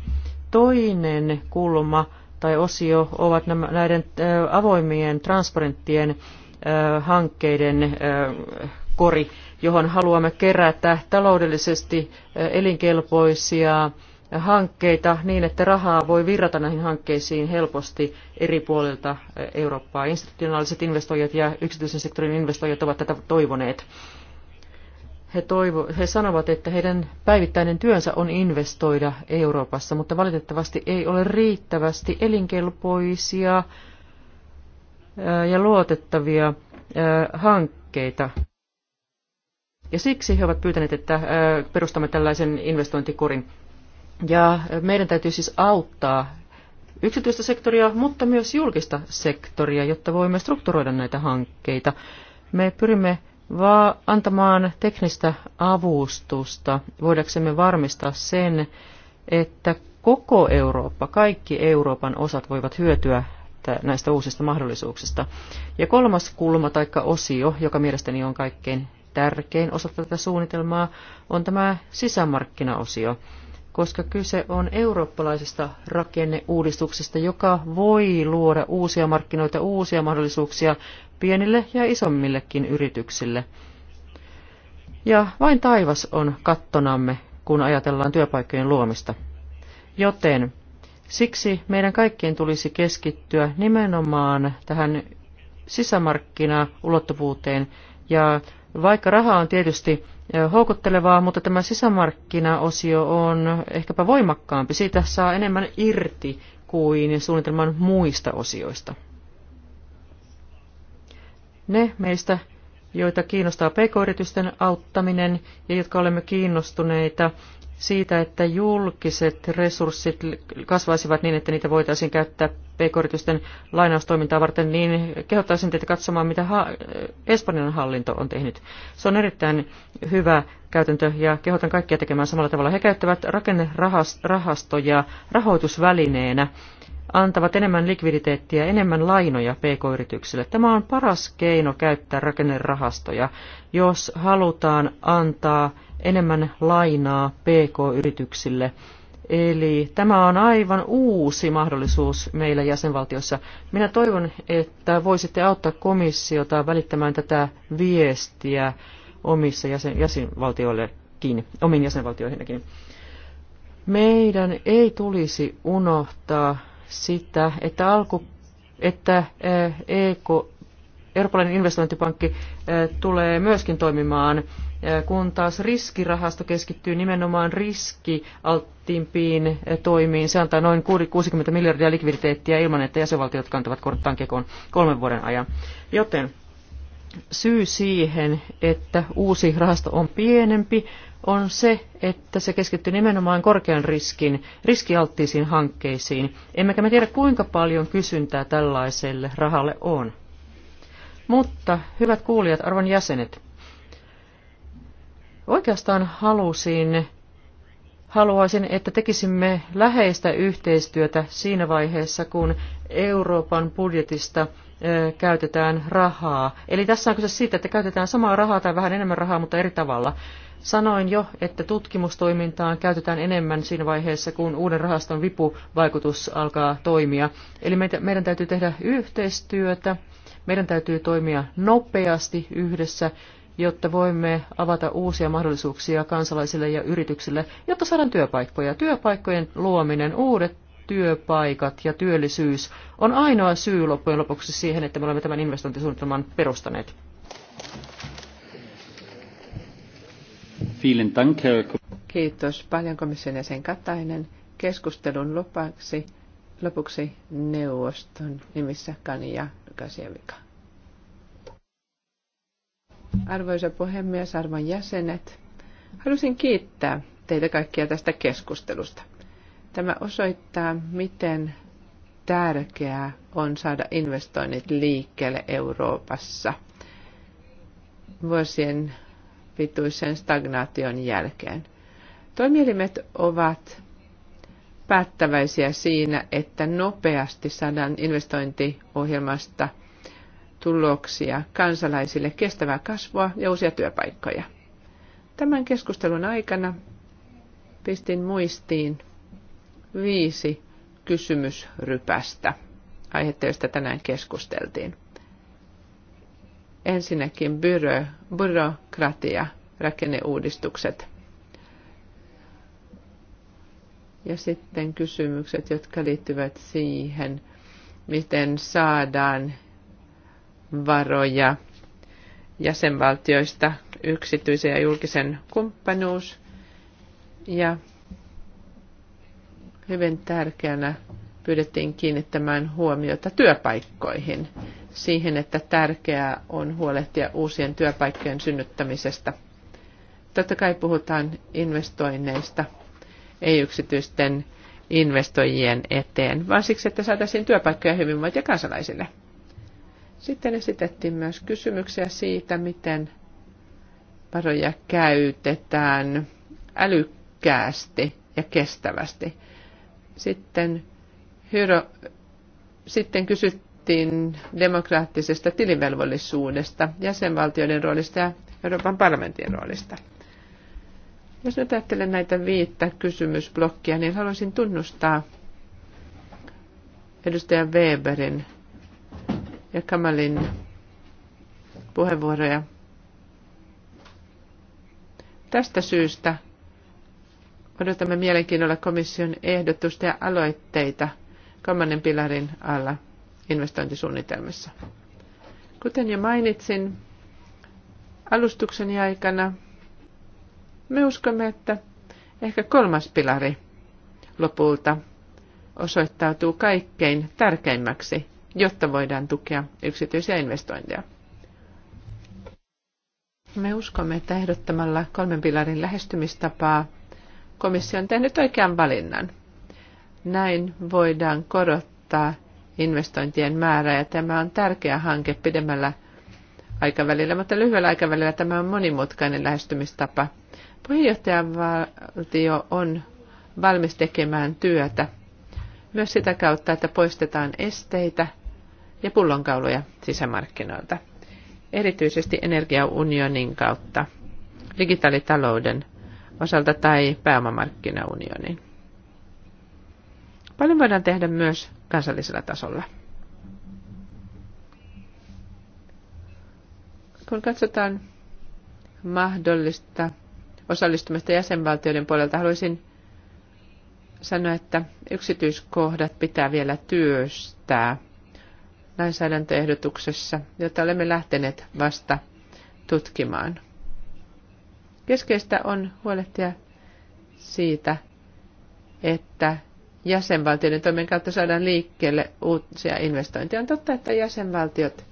Toinen kulma tai osio ovat nämä, näiden avoimien, transparenttien hankkeiden kori, johon haluamme kerätä taloudellisesti elinkelpoisia hankkeita niin, että rahaa voi virrata näihin hankkeisiin helposti eri puolilta eh, Eurooppaa. Institutionaaliset investoijat ja yksityisen sektorin investoijat ovat tätä toivoneet. He, toivo, he sanovat, että heidän päivittäinen työnsä on investoida Euroopassa, mutta valitettavasti ei ole riittävästi elinkelpoisia eh, ja luotettavia eh, hankkeita. Ja siksi he ovat pyytäneet, että perustamme tällaisen investointikurin. Ja meidän täytyy siis auttaa yksityistä sektoria, mutta myös julkista sektoria, jotta voimme strukturoida näitä hankkeita. Me pyrimme vaan antamaan teknistä avustusta, voidaksemme varmistaa sen, että koko Eurooppa, kaikki Euroopan osat voivat hyötyä näistä uusista mahdollisuuksista. Ja kolmas kulma tai osio, joka mielestäni on kaikkein tärkein osa tätä suunnitelmaa, on tämä sisämarkkinaosio. osio koska kyse on eurooppalaisesta rakenneuudistuksesta, joka voi luoda uusia markkinoita, uusia mahdollisuuksia pienille ja isommillekin yrityksille. Ja vain taivas on kattonamme, kun ajatellaan työpaikkojen luomista. Joten siksi meidän kaikkien tulisi keskittyä nimenomaan tähän sisämarkkinaulottuvuuteen ja vaikka raha on tietysti houkuttelevaa, mutta tämä sisämarkkinaosio on ehkäpä voimakkaampi. Siitä saa enemmän irti kuin suunnitelman muista osioista. Ne meistä, joita kiinnostaa pk-yritysten auttaminen ja jotka olemme kiinnostuneita siitä, että julkiset resurssit kasvaisivat niin, että niitä voitaisiin käyttää pk-yritysten lainaustoimintaa varten, niin kehottaisin teitä katsomaan, mitä ha- Espanjan hallinto on tehnyt. Se on erittäin hyvä käytäntö ja kehotan kaikkia tekemään samalla tavalla. He käyttävät rakennerahastoja rahoitusvälineenä antavat enemmän likviditeettiä, enemmän lainoja pk-yrityksille. Tämä on paras keino käyttää rakennerahastoja, jos halutaan antaa enemmän lainaa pk-yrityksille. Eli tämä on aivan uusi mahdollisuus meillä jäsenvaltiossa. Minä toivon, että voisitte auttaa komissiota välittämään tätä viestiä omissa jäsen, jäsenvaltioillekin, omiin jäsenvaltioihinkin. Meidän ei tulisi unohtaa sitä, että, alku, että EK, Euroopan investointipankki tulee myöskin toimimaan, kun taas riskirahasto keskittyy nimenomaan riskialttiimpiin toimiin. Se antaa noin 60 miljardia likviditeettiä ilman, että jäsenvaltiot kantavat korttaan kekoon kolmen vuoden ajan. Joten syy siihen, että uusi rahasto on pienempi, on se, että se keskittyy nimenomaan korkean riskin, riskialttiisiin hankkeisiin, emmekä me tiedä kuinka paljon kysyntää tällaiselle rahalle on. Mutta, hyvät kuulijat, arvon jäsenet, oikeastaan halusin, haluaisin, että tekisimme läheistä yhteistyötä siinä vaiheessa, kun Euroopan budjetista – käytetään rahaa. Eli tässä on kyse siitä, että käytetään samaa rahaa tai vähän enemmän rahaa, mutta eri tavalla. Sanoin jo, että tutkimustoimintaan käytetään enemmän siinä vaiheessa, kun uuden rahaston vipuvaikutus alkaa toimia. Eli meidän täytyy tehdä yhteistyötä, meidän täytyy toimia nopeasti yhdessä, jotta voimme avata uusia mahdollisuuksia kansalaisille ja yrityksille, jotta saadaan työpaikkoja. Työpaikkojen luominen, uudet työpaikat ja työllisyys on ainoa syy loppujen lopuksi siihen, että me olemme tämän investointisuunnitelman perustaneet. Kiitos paljon komission jäsen Katainen. Keskustelun lopaksi, lopuksi neuvoston nimissä Kania Lukasievika. Arvoisa puhemies, arvon jäsenet, halusin kiittää teitä kaikkia tästä keskustelusta. Tämä osoittaa, miten tärkeää on saada investoinnit liikkeelle Euroopassa vuosien pituisen stagnaation jälkeen. Toimielimet ovat päättäväisiä siinä, että nopeasti saadaan investointiohjelmasta tuloksia kansalaisille kestävää kasvua ja uusia työpaikkoja. Tämän keskustelun aikana pistin muistiin viisi kysymysrypästä aihetta, josta tänään keskusteltiin. Ensinnäkin byrö, byrokratia, rakenneuudistukset. Ja sitten kysymykset, jotka liittyvät siihen, miten saadaan varoja jäsenvaltioista, yksityisen ja julkisen kumppanuus ja hyvin tärkeänä pyydettiin kiinnittämään huomiota työpaikkoihin, siihen, että tärkeää on huolehtia uusien työpaikkojen synnyttämisestä. Totta kai puhutaan investoinneista, ei yksityisten investoijien eteen, vaan siksi, että saataisiin työpaikkoja hyvinvointia kansalaisille. Sitten esitettiin myös kysymyksiä siitä, miten varoja käytetään älykkäästi ja kestävästi. Sitten, hyro, sitten kysyttiin demokraattisesta tilivelvollisuudesta, jäsenvaltioiden roolista ja Euroopan parlamentin roolista. Jos nyt ajattelen näitä viittä kysymysblokkia, niin haluaisin tunnustaa edustaja Weberin ja Kamalin puheenvuoroja. Tästä syystä Odotamme mielenkiinnolla komission ehdotusta ja aloitteita kolmannen pilarin alla investointisuunnitelmissa. Kuten jo mainitsin alustukseni aikana, me uskomme, että ehkä kolmas pilari lopulta osoittautuu kaikkein tärkeimmäksi, jotta voidaan tukea yksityisiä investointeja. Me uskomme, että ehdottamalla kolmen pilarin lähestymistapaa komissio on tehnyt oikean valinnan. Näin voidaan korottaa investointien määrää ja tämä on tärkeä hanke pidemmällä aikavälillä, mutta lyhyellä aikavälillä tämä on monimutkainen lähestymistapa. Puheenjohtajavaltio on valmis tekemään työtä myös sitä kautta, että poistetaan esteitä ja pullonkauloja sisämarkkinoilta, erityisesti energiaunionin kautta, digitaalitalouden osalta tai pääomamarkkinaunionin. Paljon voidaan tehdä myös kansallisella tasolla. Kun katsotaan mahdollista osallistumista jäsenvaltioiden puolelta, haluaisin sanoa, että yksityiskohdat pitää vielä työstää lainsäädäntöehdotuksessa, jota olemme lähteneet vasta tutkimaan. Keskeistä on huolehtia siitä, että jäsenvaltioiden toimen kautta saadaan liikkeelle uusia investointeja. On totta, että jäsenvaltiot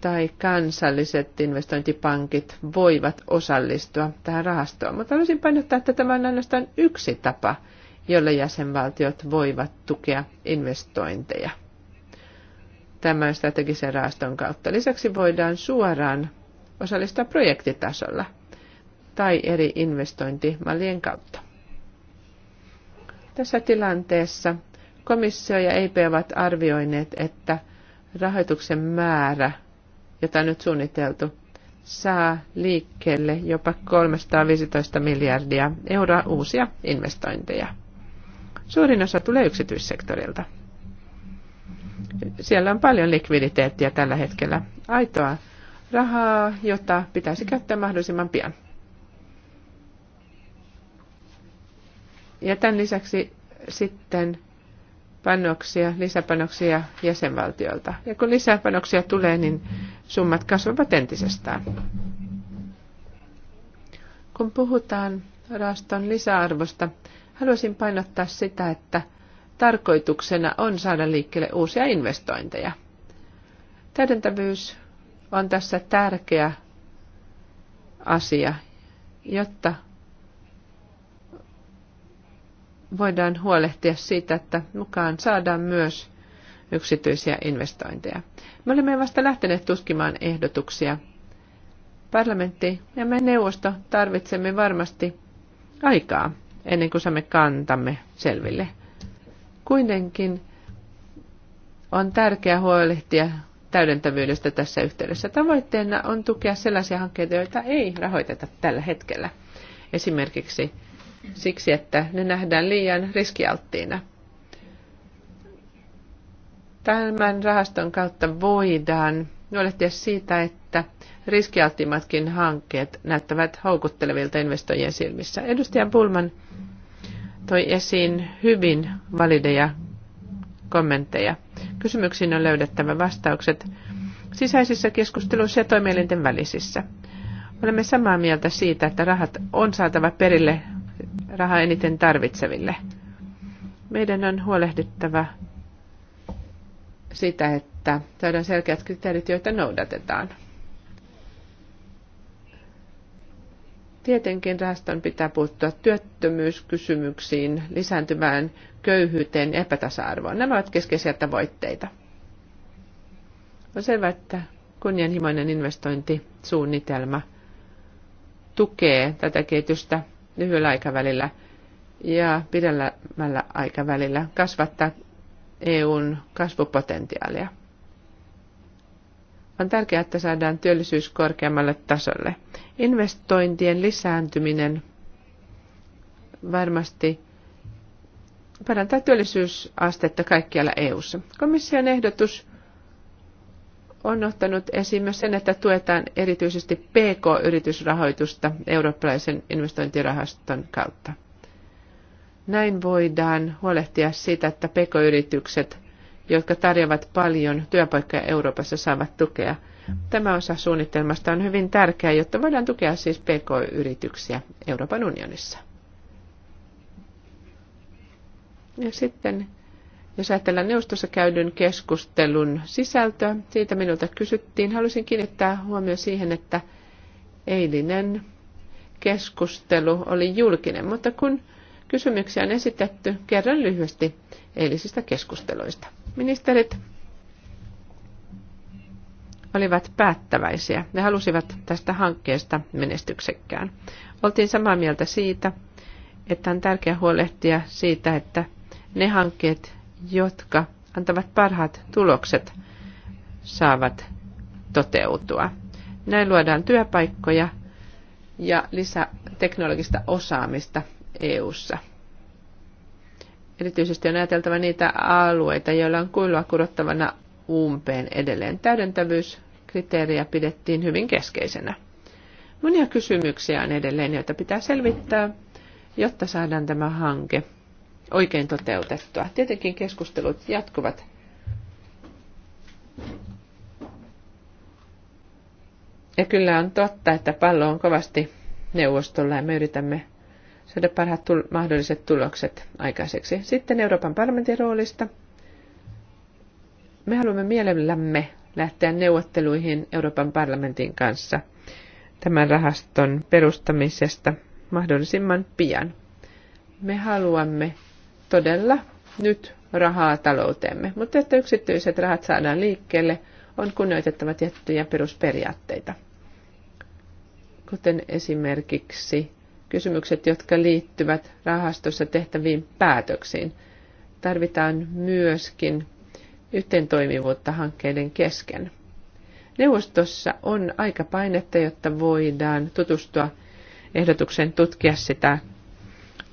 tai kansalliset investointipankit voivat osallistua tähän rahastoon, mutta haluaisin painottaa, että tämä on ainoastaan yksi tapa, jolla jäsenvaltiot voivat tukea investointeja tämän strategisen rahaston kautta. Lisäksi voidaan suoraan osallistua projektitasolla tai eri investointimallien kautta. Tässä tilanteessa komissio ja EIP ovat arvioineet, että rahoituksen määrä, jota nyt suunniteltu, saa liikkeelle jopa 315 miljardia euroa uusia investointeja. Suurin osa tulee yksityissektorilta. Siellä on paljon likviditeettiä tällä hetkellä, aitoa rahaa, jota pitäisi käyttää mahdollisimman pian. Ja tämän lisäksi sitten panoksia, lisäpanoksia jäsenvaltiolta. Ja kun lisäpanoksia tulee, niin summat kasvavat entisestään. Kun puhutaan rahaston lisäarvosta, haluaisin painottaa sitä, että tarkoituksena on saada liikkeelle uusia investointeja. Täydentävyys on tässä tärkeä asia, jotta voidaan huolehtia siitä, että mukaan saadaan myös yksityisiä investointeja. Me olemme vasta lähteneet tutkimaan ehdotuksia. Parlamentti ja me neuvosto tarvitsemme varmasti aikaa ennen kuin saamme kantamme selville. Kuitenkin on tärkeää huolehtia täydentävyydestä tässä yhteydessä. Tavoitteena on tukea sellaisia hankkeita, joita ei rahoiteta tällä hetkellä. Esimerkiksi siksi, että ne nähdään liian riskialttiina. Tämän rahaston kautta voidaan huolehtia siitä, että riskialttimatkin hankkeet näyttävät houkuttelevilta investoijien silmissä. Edustaja Pulman toi esiin hyvin valideja kommentteja. Kysymyksiin on löydettävä vastaukset sisäisissä keskusteluissa ja toimielinten välisissä. Olemme samaa mieltä siitä, että rahat on saatava perille rahaa eniten tarvitseville. Meidän on huolehdittava sitä, että saadaan selkeät kriteerit, joita noudatetaan. Tietenkin rahaston pitää puuttua työttömyyskysymyksiin, lisääntyvään köyhyyteen ja epätasa-arvoon. Nämä ovat keskeisiä tavoitteita. On selvää, että kunnianhimoinen investointisuunnitelma tukee tätä kehitystä lyhyellä aikavälillä ja pidemmällä aikavälillä kasvattaa EUn kasvupotentiaalia. On tärkeää, että saadaan työllisyys korkeammalle tasolle. Investointien lisääntyminen varmasti parantaa työllisyysastetta kaikkialla EU:ssa. Komission ehdotus on ottanut esiin myös sen, että tuetaan erityisesti PK-yritysrahoitusta eurooppalaisen investointirahaston kautta. Näin voidaan huolehtia siitä, että PK-yritykset, jotka tarjoavat paljon työpaikkoja Euroopassa, saavat tukea. Tämä osa suunnitelmasta on hyvin tärkeä, jotta voidaan tukea siis PK-yrityksiä Euroopan unionissa. Ja sitten, jos ajatellaan neuvostossa käydyn keskustelun sisältöä, siitä minulta kysyttiin. Haluaisin kiinnittää huomio siihen, että eilinen keskustelu oli julkinen, mutta kun kysymyksiä on esitetty, kerran lyhyesti eilisistä keskusteluista. Ministerit olivat päättäväisiä. Ne halusivat tästä hankkeesta menestyksekkään. Oltiin samaa mieltä siitä, että on tärkeää huolehtia siitä, että ne hankkeet, jotka antavat parhaat tulokset, saavat toteutua. Näin luodaan työpaikkoja ja lisää teknologista osaamista EU:ssa. Erityisesti on ajateltava niitä alueita, joilla on kuilua kurottavana umpeen edelleen. Täydentävyyskriteeriä pidettiin hyvin keskeisenä. Monia kysymyksiä on edelleen, joita pitää selvittää, jotta saadaan tämä hanke oikein toteutettua. Tietenkin keskustelut jatkuvat. Ja kyllä on totta, että pallo on kovasti neuvostolla ja me yritämme saada parhaat tul- mahdolliset tulokset aikaiseksi. Sitten Euroopan parlamentin roolista. Me haluamme mielellämme lähteä neuvotteluihin Euroopan parlamentin kanssa tämän rahaston perustamisesta mahdollisimman pian. Me haluamme todella nyt rahaa talouteemme. Mutta että yksityiset rahat saadaan liikkeelle, on kunnioitettava tiettyjä perusperiaatteita. Kuten esimerkiksi kysymykset, jotka liittyvät rahastossa tehtäviin päätöksiin. Tarvitaan myöskin toimivuutta hankkeiden kesken. Neuvostossa on aika painetta, jotta voidaan tutustua ehdotukseen tutkia sitä.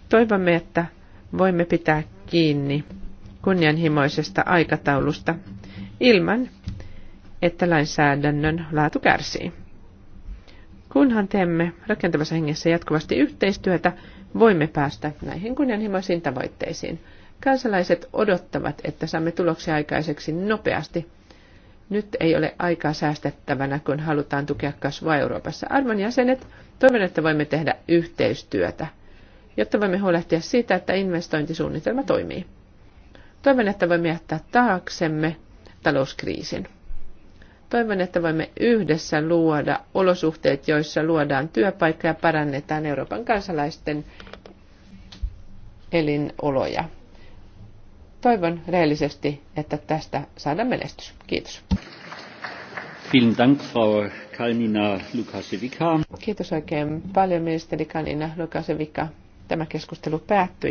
Toivomme, että voimme pitää kiinni kunnianhimoisesta aikataulusta ilman, että lainsäädännön laatu kärsii. Kunhan teemme rakentavassa hengessä jatkuvasti yhteistyötä, voimme päästä näihin kunnianhimoisiin tavoitteisiin. Kansalaiset odottavat, että saamme tuloksia aikaiseksi nopeasti. Nyt ei ole aikaa säästettävänä, kun halutaan tukea kasvua Euroopassa. Arvon jäsenet, toivon, että voimme tehdä yhteistyötä – jotta voimme huolehtia siitä, että investointisuunnitelma toimii. Toivon, että voimme jättää taaksemme talouskriisin. Toivon, että voimme yhdessä luoda olosuhteet, joissa luodaan työpaikka ja parannetaan Euroopan kansalaisten elinoloja. Toivon rehellisesti, että tästä saadaan menestys. Kiitos. Kalnina Lukasevika. Kiitos oikein paljon ministeri Kalina Lukasevika. Tämä keskustelu päättyi.